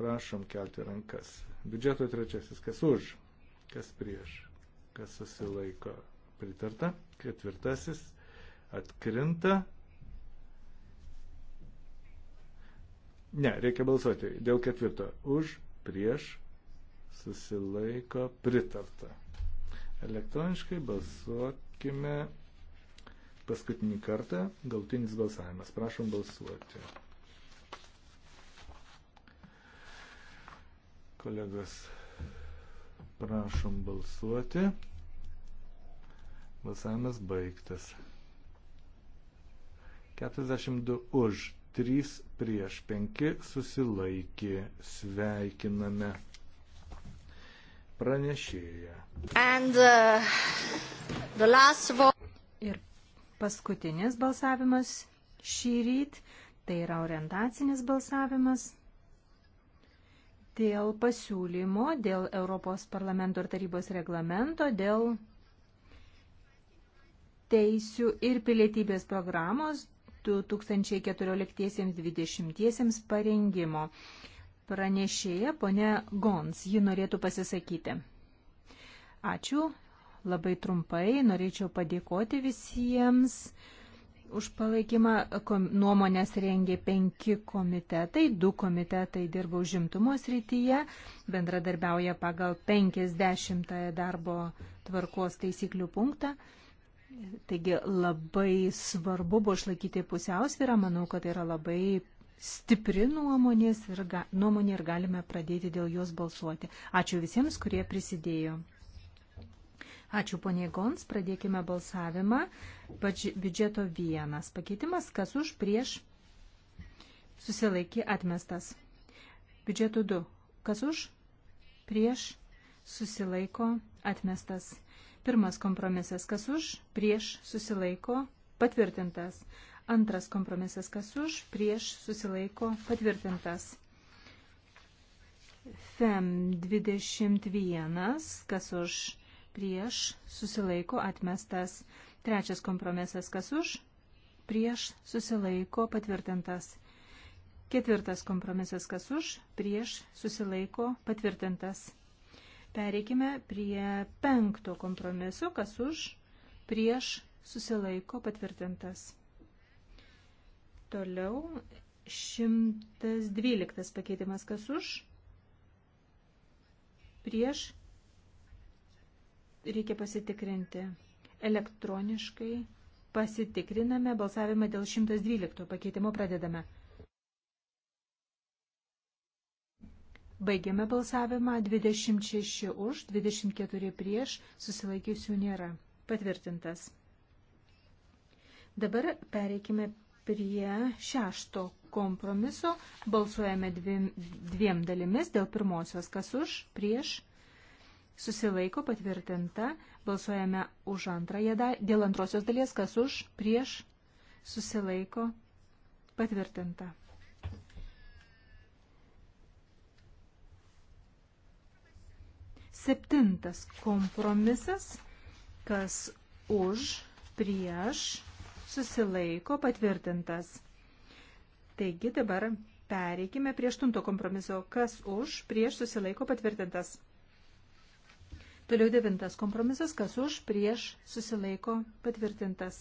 Prašom kelti rankas. Biudžeto trečiasis, kas už, kas prieš, kas susilaiko pritarta. Ketvirtasis atkrinta. Ne, reikia balsuoti. Dėl ketvirto. Už, prieš, susilaiko pritarta. Elektroniškai balsuokime paskutinį kartą. Galtinis balsavimas. Prašom balsuoti. Kolegos, prašom balsuoti. Balsavimas baigtas. 42 už, 3 prieš, 5 susilaikė. Sveikiname pranešėją. And, uh, Ir paskutinis balsavimas šį rytą, tai yra orientacinis balsavimas dėl pasiūlymo, dėl Europos parlamento ir tarybos reglamento, dėl teisių ir pilietybės programos 2014-2020 parengimo. Pranešėja ponia Gons, ji norėtų pasisakyti. Ačiū, labai trumpai norėčiau padėkoti visiems Už palaikymą nuomonės rengė penki komitetai, du komitetai dirba užimtumo srityje, bendradarbiauja pagal 50 darbo tvarkos taisyklių punktą. Taigi labai svarbu buvo išlaikyti pusiausvyrą, manau, kad tai yra labai stipri nuomonės ir ga, nuomonė ir galime pradėti dėl jos balsuoti. Ačiū visiems, kurie prisidėjo. Ačiū poniai Gons, pradėkime balsavimą. Pač biudžeto vienas pakeitimas, kas už prieš susilaikė atmestas. Biudžeto du, kas už prieš susilaiko atmestas. Pirmas kompromisas, kas už prieš susilaiko patvirtintas. Antras kompromisas, kas už prieš susilaiko patvirtintas. FEM 21, kas už prieš, susilaiko atmestas. Trečias kompromisas kas už, prieš, susilaiko patvirtintas. Ketvirtas kompromisas kas už, prieš, susilaiko patvirtintas. Pereikime prie penkto kompromiso, kas už, prieš, susilaiko patvirtintas. Toliau 112 pakeitimas kas už, prieš, reikia pasitikrinti. Elektroniškai pasitikriname balsavimą dėl 112 pakeitimo pradedame. Baigiame balsavimą 26 už, 24 prieš, susilaikiusių nėra. Patvirtintas. Dabar pereikime prie šešto kompromiso. Balsuojame dviem, dviem dalimis dėl pirmosios, kas už, prieš, susilaiko patvirtinta. Balsuojame už antrąją dalį. Dėl antrosios dalies, kas už, prieš, susilaiko patvirtinta. Septintas kompromisas, kas už, prieš, susilaiko patvirtintas. Taigi dabar pereikime prie aštunto kompromiso, kas už, prieš, susilaiko patvirtintas. Toliau devintas kompromisas, kas už, prieš, susilaiko, patvirtintas.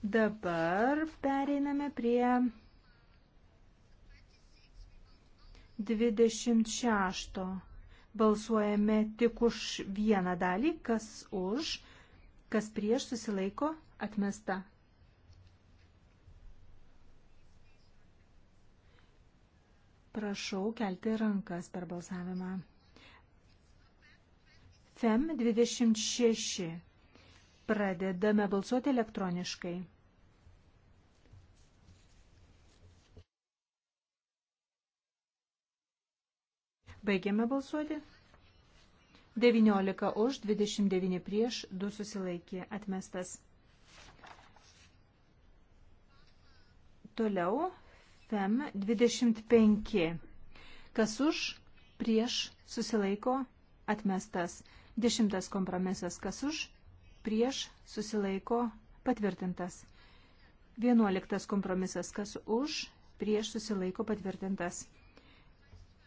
Dabar pereiname prie 26. Balsuojame tik už vieną dalį, kas už, kas prieš susilaiko atmesta. Prašau kelti rankas per balsavimą. FEM 26. Pradedame balsuoti elektroniškai. Baigiame balsuoti. 19 už, 29 prieš, 2 susilaikė atmestas. Toliau FEM 25. Kas už, prieš, susilaiko, atmestas. Dešimtas kompromisas kas už, prieš, susilaiko, patvirtintas. Vienuoliktas kompromisas kas už, prieš, susilaiko, patvirtintas.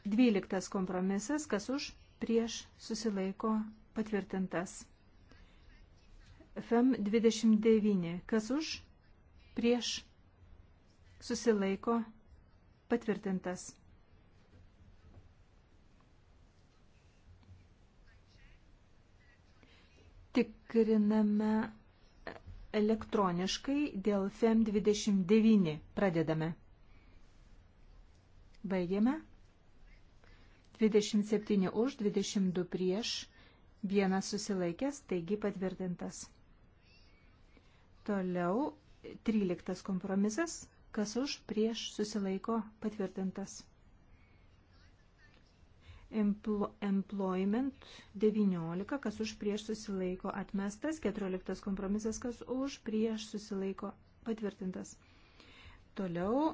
Dvyliktas kompromisas kas už, prieš, susilaiko, patvirtintas. FM e 29 kas už, prieš, susilaiko, patvirtintas. Tikriname elektroniškai dėl FEM 29. Pradedame. Baigiame. 27 už, 22 prieš, vienas susilaikęs, taigi patvirtintas. Toliau 13 kompromisas, kas už prieš susilaiko patvirtintas. Employment 19, kas už prieš susilaiko atmestas, 14 kompromisas, kas už prieš susilaiko patvirtintas. Toliau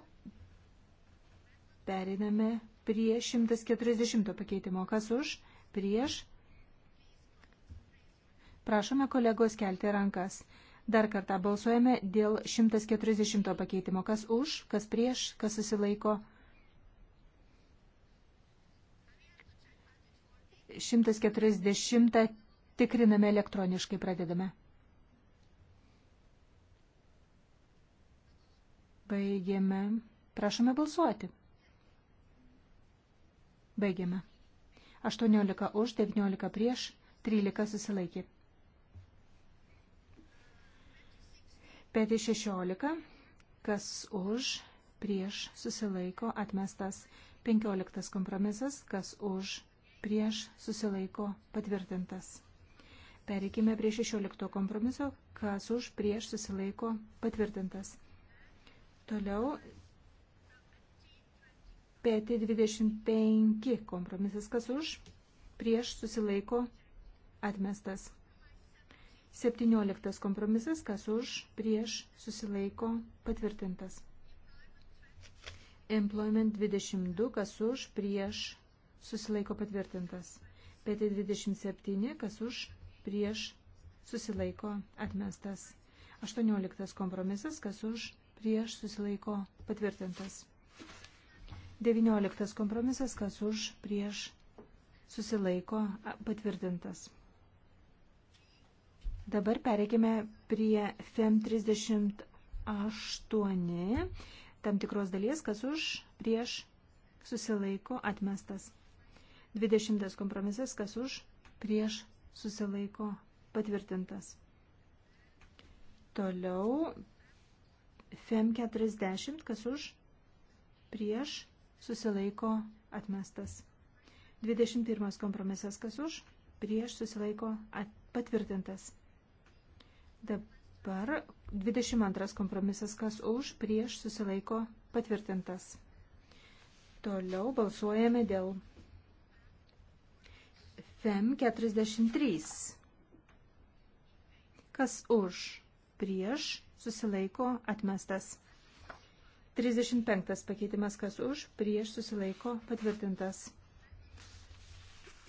periname prie 140 pakeitimo, kas už prieš. Prašome kolegos kelti rankas. Dar kartą balsuojame dėl 140 pakeitimo, kas už, kas prieš, kas susilaiko atmestas 140 tikriname elektroniškai, pradedame. Baigėme. Prašome balsuoti. Baigėme. 18 už, 19 prieš, 13 susilaikė. Peti 16, kas už, prieš, susilaiko, atmestas. 15 kompromisas, kas už, prieš susilaiko patvirtintas. Pereikime prie 16 kompromiso, kas už prieš susilaiko patvirtintas. Toliau PT25 kompromisas, kas už prieš susilaiko atmestas. 17 kompromisas, kas už prieš susilaiko patvirtintas. Employment 22, kas už prieš susilaiko patvirtintas. PT27, kas už, prieš, susilaiko atmestas. 18 kompromisas, kas už, prieš, susilaiko patvirtintas. 19 kompromisas, kas už, prieš, susilaiko patvirtintas. Dabar pereikime prie FEM 38, tam tikros dalies, kas už, prieš, susilaiko atmestas. 20 kompromisas, kas už, prieš, susilaiko, patvirtintas. Toliau, FEM 40, kas už, prieš, susilaiko, atmestas. 21 kompromisas, kas už, prieš, susilaiko, at, patvirtintas. Dabar 22 kompromisas, kas už, prieš, susilaiko, patvirtintas. Toliau balsuojame dėl FEM 43. Kas už? Prieš susilaiko atmestas. 35 pakeitimas kas už, prieš susilaiko patvirtintas.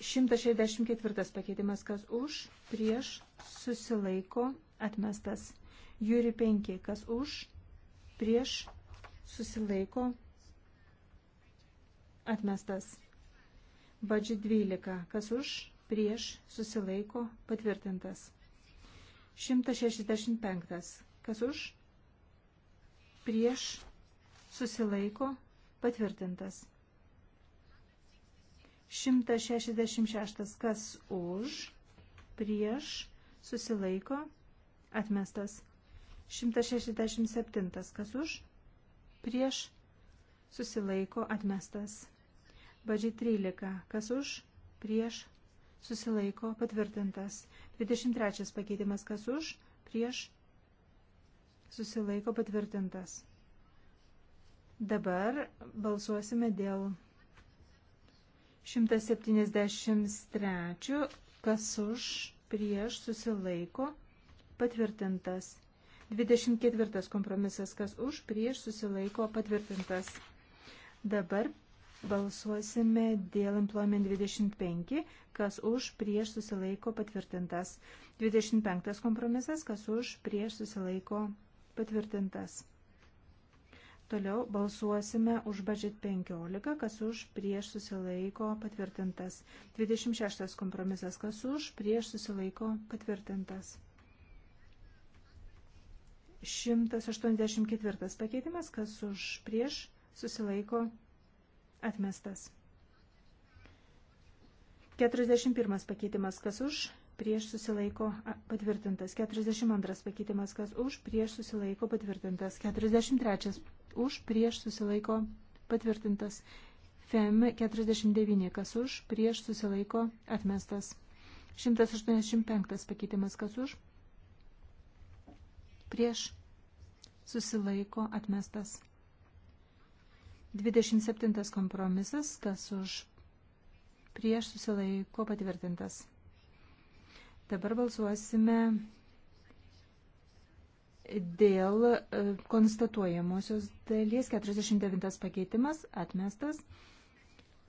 164 pakeitimas kas už, prieš susilaiko atmestas. Jūri 5 kas už, prieš susilaiko atmestas. Badži 12. Kas už, prieš, susilaiko, patvirtintas. 165. Kas už, prieš, susilaiko, patvirtintas. 166. Kas už, prieš, susilaiko, atmestas. 167. Kas už, prieš, susilaiko, atmestas. Badžiai 13. Kas už? Prieš. Susilaiko. Patvirtintas. 23. Pakeitimas. Kas už? Prieš. Susilaiko. Patvirtintas. Dabar balsuosime dėl 173. Kas už? Prieš. Susilaiko. Patvirtintas. 24. Kompromisas. Kas už? Prieš. Susilaiko. Patvirtintas. Dabar Balsuosime dėl Employment 25, kas už prieš susilaiko patvirtintas. 25 kompromisas, kas už prieš susilaiko patvirtintas. Toliau balsuosime už budžet 15, kas už prieš susilaiko patvirtintas. 26 kompromisas, kas už prieš susilaiko patvirtintas. 184 pakeitimas, kas už prieš susilaiko patvirtintas Atmestas. 41 pakeitimas kas už, prieš susilaiko patvirtintas. 42 pakeitimas kas už, prieš susilaiko patvirtintas. 43 už, prieš susilaiko patvirtintas. FEM 49 kas už, prieš susilaiko atmestas. 185 pakeitimas kas už, prieš susilaiko atmestas. 27 kompromisas, kas už prieš susilaiko patvirtintas. Dabar balsuosime dėl e, konstatuojamosios dalies 49 pakeitimas atmestas,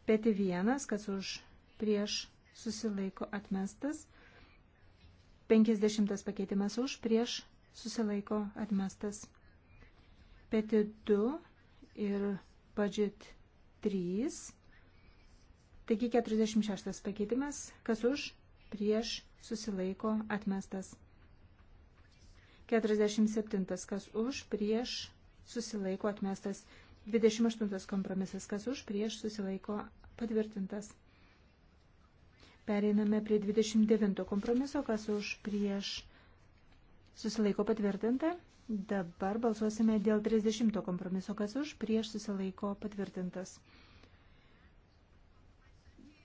peti vienas, kas už prieš susilaiko atmestas, 50 pakeitimas už prieš susilaiko atmestas, peti 2 ir budget 3. Taigi 46 pakeitimas, kas už, prieš, susilaiko, atmestas. 47, kas už, prieš, susilaiko, atmestas. 28 kompromisas, kas už, prieš, susilaiko, patvirtintas. Pereiname prie 29 kompromiso, kas už, prieš, susilaiko, patvirtinta. Dabar balsuosime dėl 30 kompromiso, kas už, prieš susilaiko patvirtintas.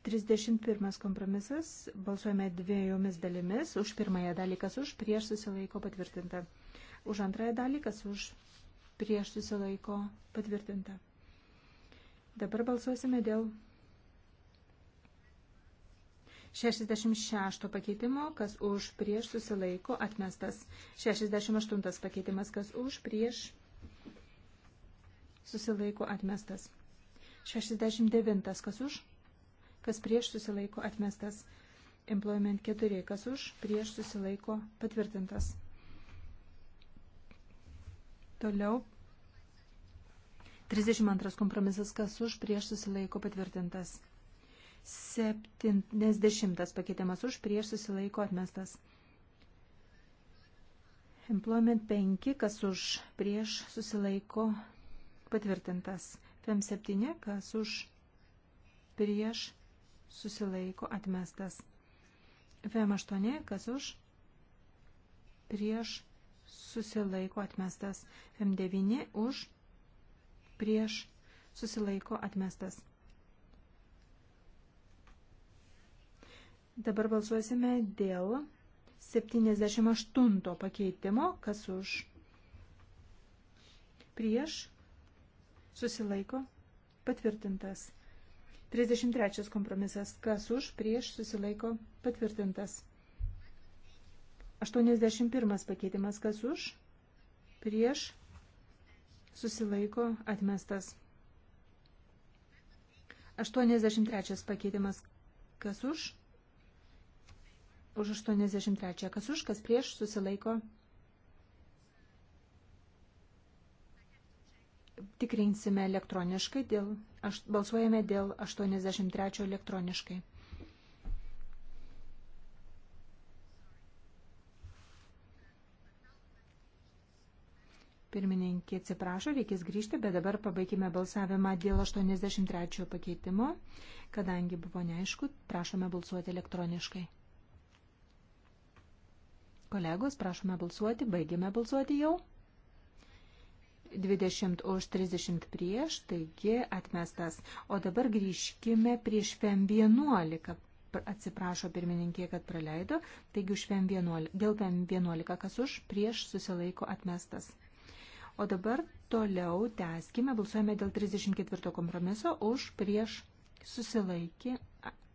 31 kompromisas, balsuojame dviejomis dalimis, už pirmąją dalį, kas už, prieš susilaiko patvirtinta. Už antrąją dalį, kas už, prieš susilaiko patvirtinta. Dabar balsuosime dėl 66 pakeitimo, kas už prieš susilaiko atmestas. 68 pakeitimas, kas už prieš susilaiko atmestas. 69 kas už, kas prieš susilaiko atmestas. Employment 4 kas už, prieš susilaiko patvirtintas. Toliau 32 kompromisas kas už, prieš susilaiko patvirtintas. 70 pakeitimas už prieš susilaiko atmestas. Employment 5, kas už prieš susilaiko patvirtintas. FEM 7, kas už prieš susilaiko atmestas. FEM 8, kas už prieš susilaiko atmestas. FEM 9, už prieš susilaiko atmestas. Dabar balsuosime dėl 78 pakeitimo, kas už prieš susilaiko patvirtintas. 33 kompromisas, kas už prieš susilaiko patvirtintas. 81 pakeitimas, kas už prieš susilaiko atmestas. 83 pakeitimas, kas už prieš už 83. Kas už, kas prieš susilaiko. Tikrinsime elektroniškai, dėl, aš, balsuojame dėl 83 elektroniškai. Pirmininkė atsiprašo, reikės grįžti, bet dabar pabaikime balsavimą dėl 83 pakeitimo, kadangi buvo neaišku, prašome balsuoti elektroniškai. Kolegos, prašome balsuoti, baigėme balsuoti jau. 20 už 30 prieš, taigi atmestas. O dabar grįžkime prieš FEM 11. Atsiprašo pirmininkė, kad praleido. Taigi už FEM 11. Dėl FEM 11, kas už, prieš susilaiko atmestas. O dabar toliau tęskime, balsuojame dėl 34 kompromiso už prieš susilaikį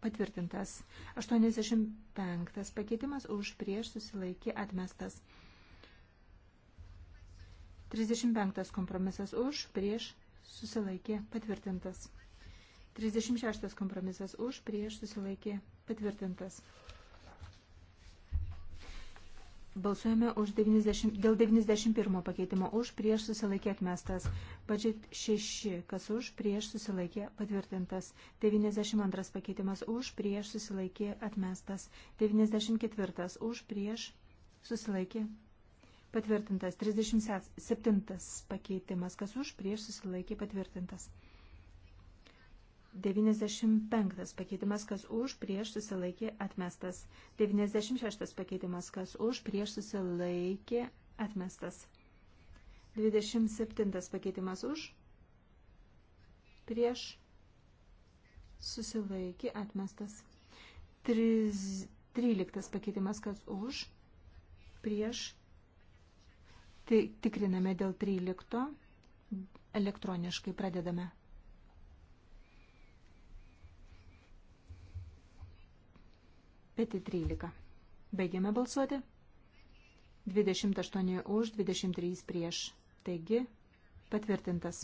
patvirtintas. 85 pakeitimas už prieš susilaikė atmestas. 35 kompromisas už prieš susilaikė patvirtintas. 36 kompromisas už prieš susilaikė patvirtintas. Balsuojame už 90, dėl 91 pakeitimo už prieš susilaikė atmestas. Budget 6, kas už prieš susilaikė patvirtintas. 92 pakeitimas už prieš susilaikė atmestas. 94 už prieš susilaikė patvirtintas. 37 pakeitimas, kas už prieš susilaikė patvirtintas. 95 pakeitimas, kas už, prieš susilaikė atmestas. 96 pakeitimas, kas už, prieš susilaikė atmestas. 27 pakeitimas už, prieš susilaikė atmestas. 13 pakeitimas, kas už, prieš. Tikriname dėl 13. Elektroniškai pradedame. Peti 13. Baigiame balsuoti. 28 už, 23 prieš. Taigi, patvirtintas.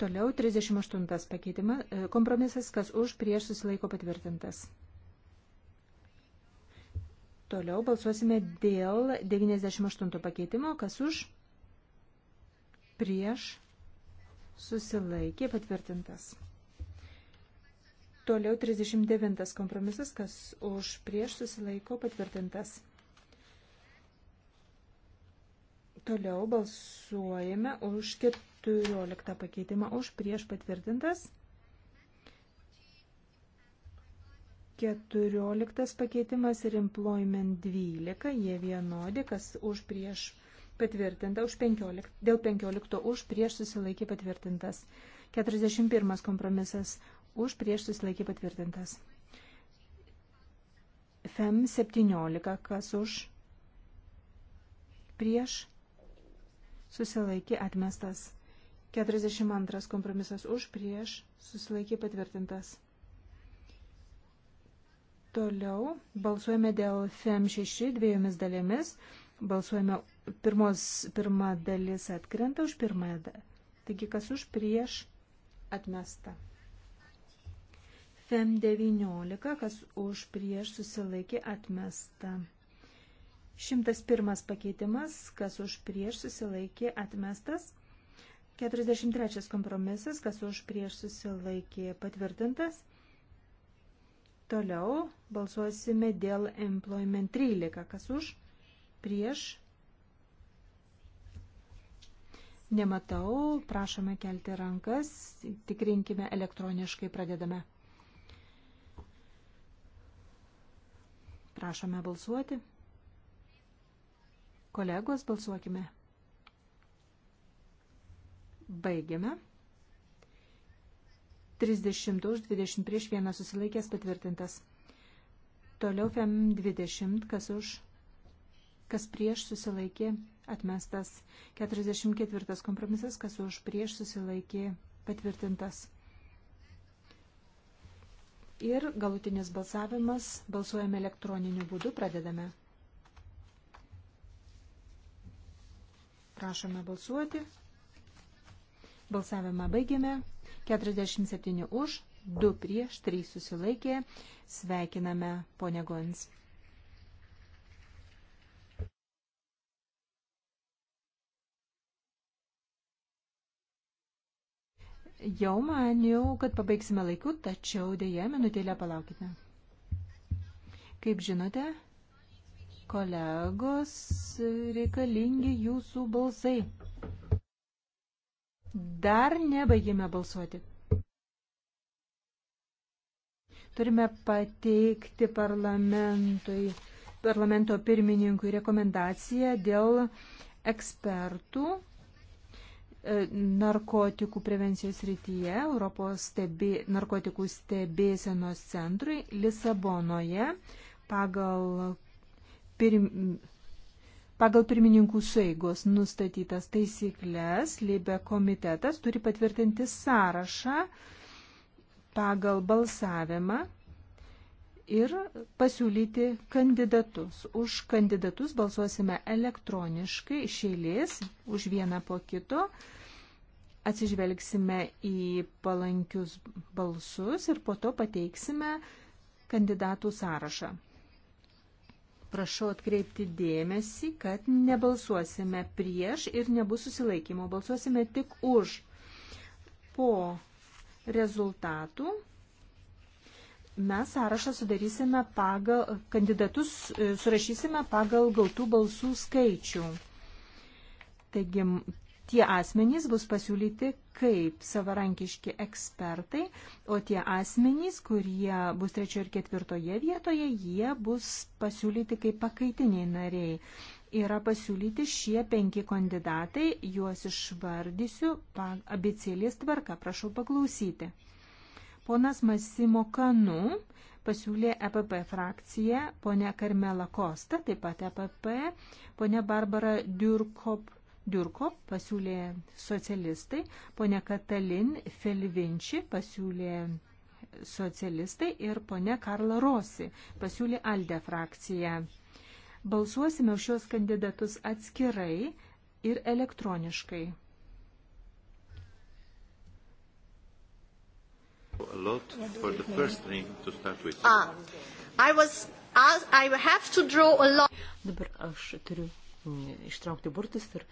Toliau 38 pakeitimas, e, kompromisas, kas už prieš susilaiko patvirtintas. Toliau balsuosime dėl 98 pakeitimo, kas už prieš susilaikė patvirtintas. Toliau 39 kompromisas, kas už prieš susilaiko patvirtintas. Toliau balsuojame už 14 pakeitimą, už prieš patvirtintas. 14 pakeitimas ir employment 12, jie vienodi, kas už prieš patvirtinta, už 15, dėl 15 už prieš susilaikė patvirtintas. 41 kompromisas už prieš susilaikė patvirtintas. FEM 17, kas už prieš susilaikė atmestas. 42 kompromisas už prieš susilaikė patvirtintas. Toliau balsuojame dėl FEM 6 dviejomis dalėmis. Balsuojame pirmos, pirma dalis atkrenta už pirmąją. Taigi kas už prieš atmesta. FEM 19, kas už prieš susilaikė atmesta. 101 pakeitimas, kas už prieš susilaikė atmestas. 43 kompromisas, kas už prieš susilaikė patvirtintas. Toliau balsuosime dėl employment 13, kas už prieš. Nematau, prašome kelti rankas, tikrinkime elektroniškai, pradedame. Prašome balsuoti. Kolegos, balsuokime. Baigiame. 30 už 20 prieš vieną susilaikęs patvirtintas. Toliau FEM 20, kas už, kas prieš susilaikė, atmestas. 44 kompromisas, kas už prieš susilaikė, patvirtintas. Ir galutinis balsavimas. Balsuojame elektroniniu būdu. Pradedame. Prašome balsuoti. Balsavimą baigėme. 47 už, 2 prieš, 3 susilaikė. Sveikiname, ponė Gons. Jau maniau, kad pabaigsime laiku, tačiau dėje minutėlę palaukite. Kaip žinote, kolegos reikalingi jūsų balsai. Dar nebaigėme balsuoti. Turime pateikti parlamentui, parlamento pirmininkui rekomendaciją dėl ekspertų E, narkotikų prevencijos rytyje Europos stebė, narkotikų stebėsenos centrui Lisabonoje pagal, pirm, pagal pirmininkų saigos nustatytas taisyklės Libe komitetas turi patvirtinti sąrašą pagal balsavimą ir pasiūlyti kandidatus. Už kandidatus balsuosime elektroniškai iš eilės, už vieną po kito. Atsižvelgsime į palankius balsus ir po to pateiksime kandidatų sąrašą. Prašau atkreipti dėmesį, kad nebalsuosime prieš ir nebus susilaikymo, balsuosime tik už. Po rezultatų Mes sąrašą sudarysime pagal, kandidatus e, surašysime pagal gautų balsų skaičių. Taigi, tie asmenys bus pasiūlyti kaip savarankiški ekspertai, o tie asmenys, kurie bus trečioje ir ketvirtoje vietoje, jie bus pasiūlyti kaip pakaitiniai nariai. Yra pasiūlyti šie penki kandidatai, juos išvardysiu abicėlės tvarka, prašau paklausyti. Ponas Masimo Kanu pasiūlė EPP frakciją, ponia Karmela Kosta, taip pat EPP, ponia Barbara Durkop, Durkop pasiūlė socialistai, ponia Katalin Felvinči pasiūlė socialistai ir ponia Karla Rosi pasiūlė Alde frakciją. Balsuosime už šios kandidatus atskirai ir elektroniškai. Ah, I was, I Dabar aš turiu mm, ištraukti burtus ir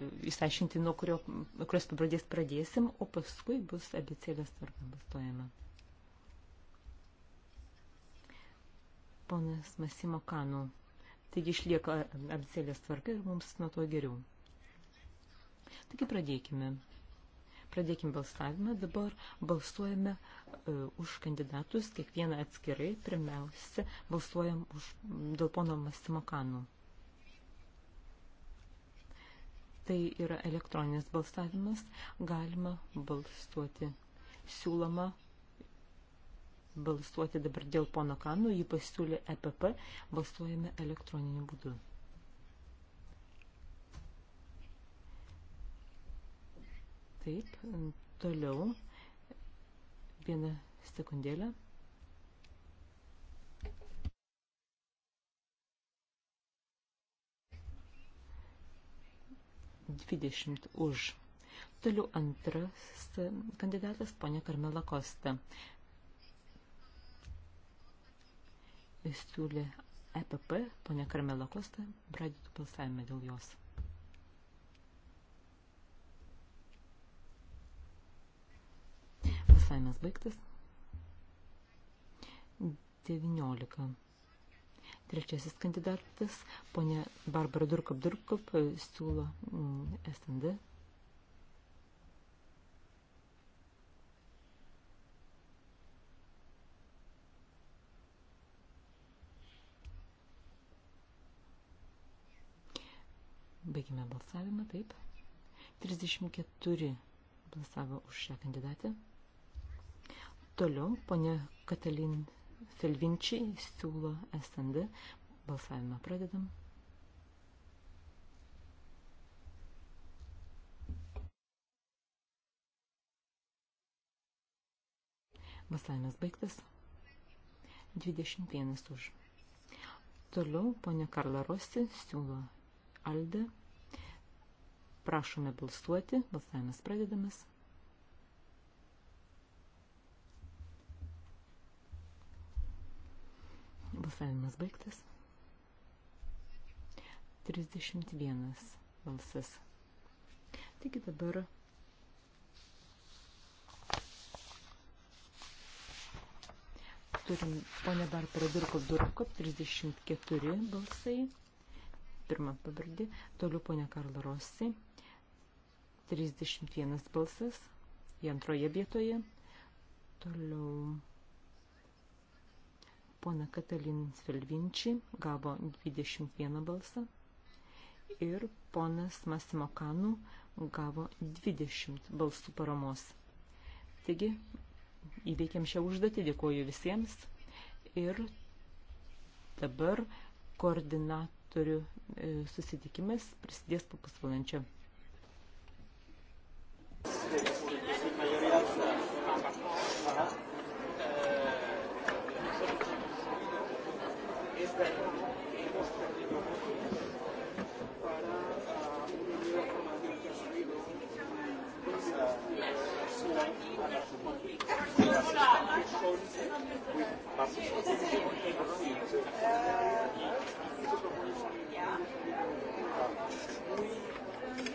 mm, išsiaiškinti, nuo kurio, kurios pabradės pradėsim, o paskui bus abicėlės tvarka bastojama. Ponas Masimo Kanu. Taigi išlieka abicėlės tvarka ir mums nuo to geriau. Taigi pradėkime. Pradėkim balsavimą. Dabar balsuojame e, už kandidatus, kiekvieną atskirai. Pirmiausia, balsuojam už, dėl pono Mastimokanų. Tai yra elektroninis balsavimas. Galima balsuoti. Siūloma balsuoti dabar dėl pono Kanų. Jį pasiūlė EPP. Balsuojame elektroniniu būdu. Taip, toliau. Vieną sekundėlę. Dvidešimt už. Toliau antras kandidatas, ponia Karmela Kosta. Siūlė EPP, ponia Karmela Kosta, pradėtų balsavimą dėl jos. Balsavimas baigtas. 19. Trečiasis kandidatas, ponė Barbara Durkop-Durkop, siūlo mm, SND. Baigime balsavimą, taip. 34 balsavo už šią kandidatę. Toliau, ponė Katalin Felvinčiai siūlo SND. Balsavimą pradedam. Balsavimas baigtas. 21 už. Toliau ponia Karla Rosi siūlo Aldę. Prašome balsuoti. Balsavimas pradedamas. Balsavimas baigtas. 31 balsas. Taigi dabar turim ponę Barbarą Durkov Durkov, 34 balsai, pirmą pavardį, toliau ponę Karlą Rossi, 31 balsas, į antroje vietoje, toliau Pona Katalin Svelvinči gavo 21 balsą ir ponas Masimo Kanu gavo 20 balsų paramos. Taigi, įveikėm šią užduotį, dėkoju visiems ir dabar koordinatorių e, susitikimas prasidės po pusvalandžio.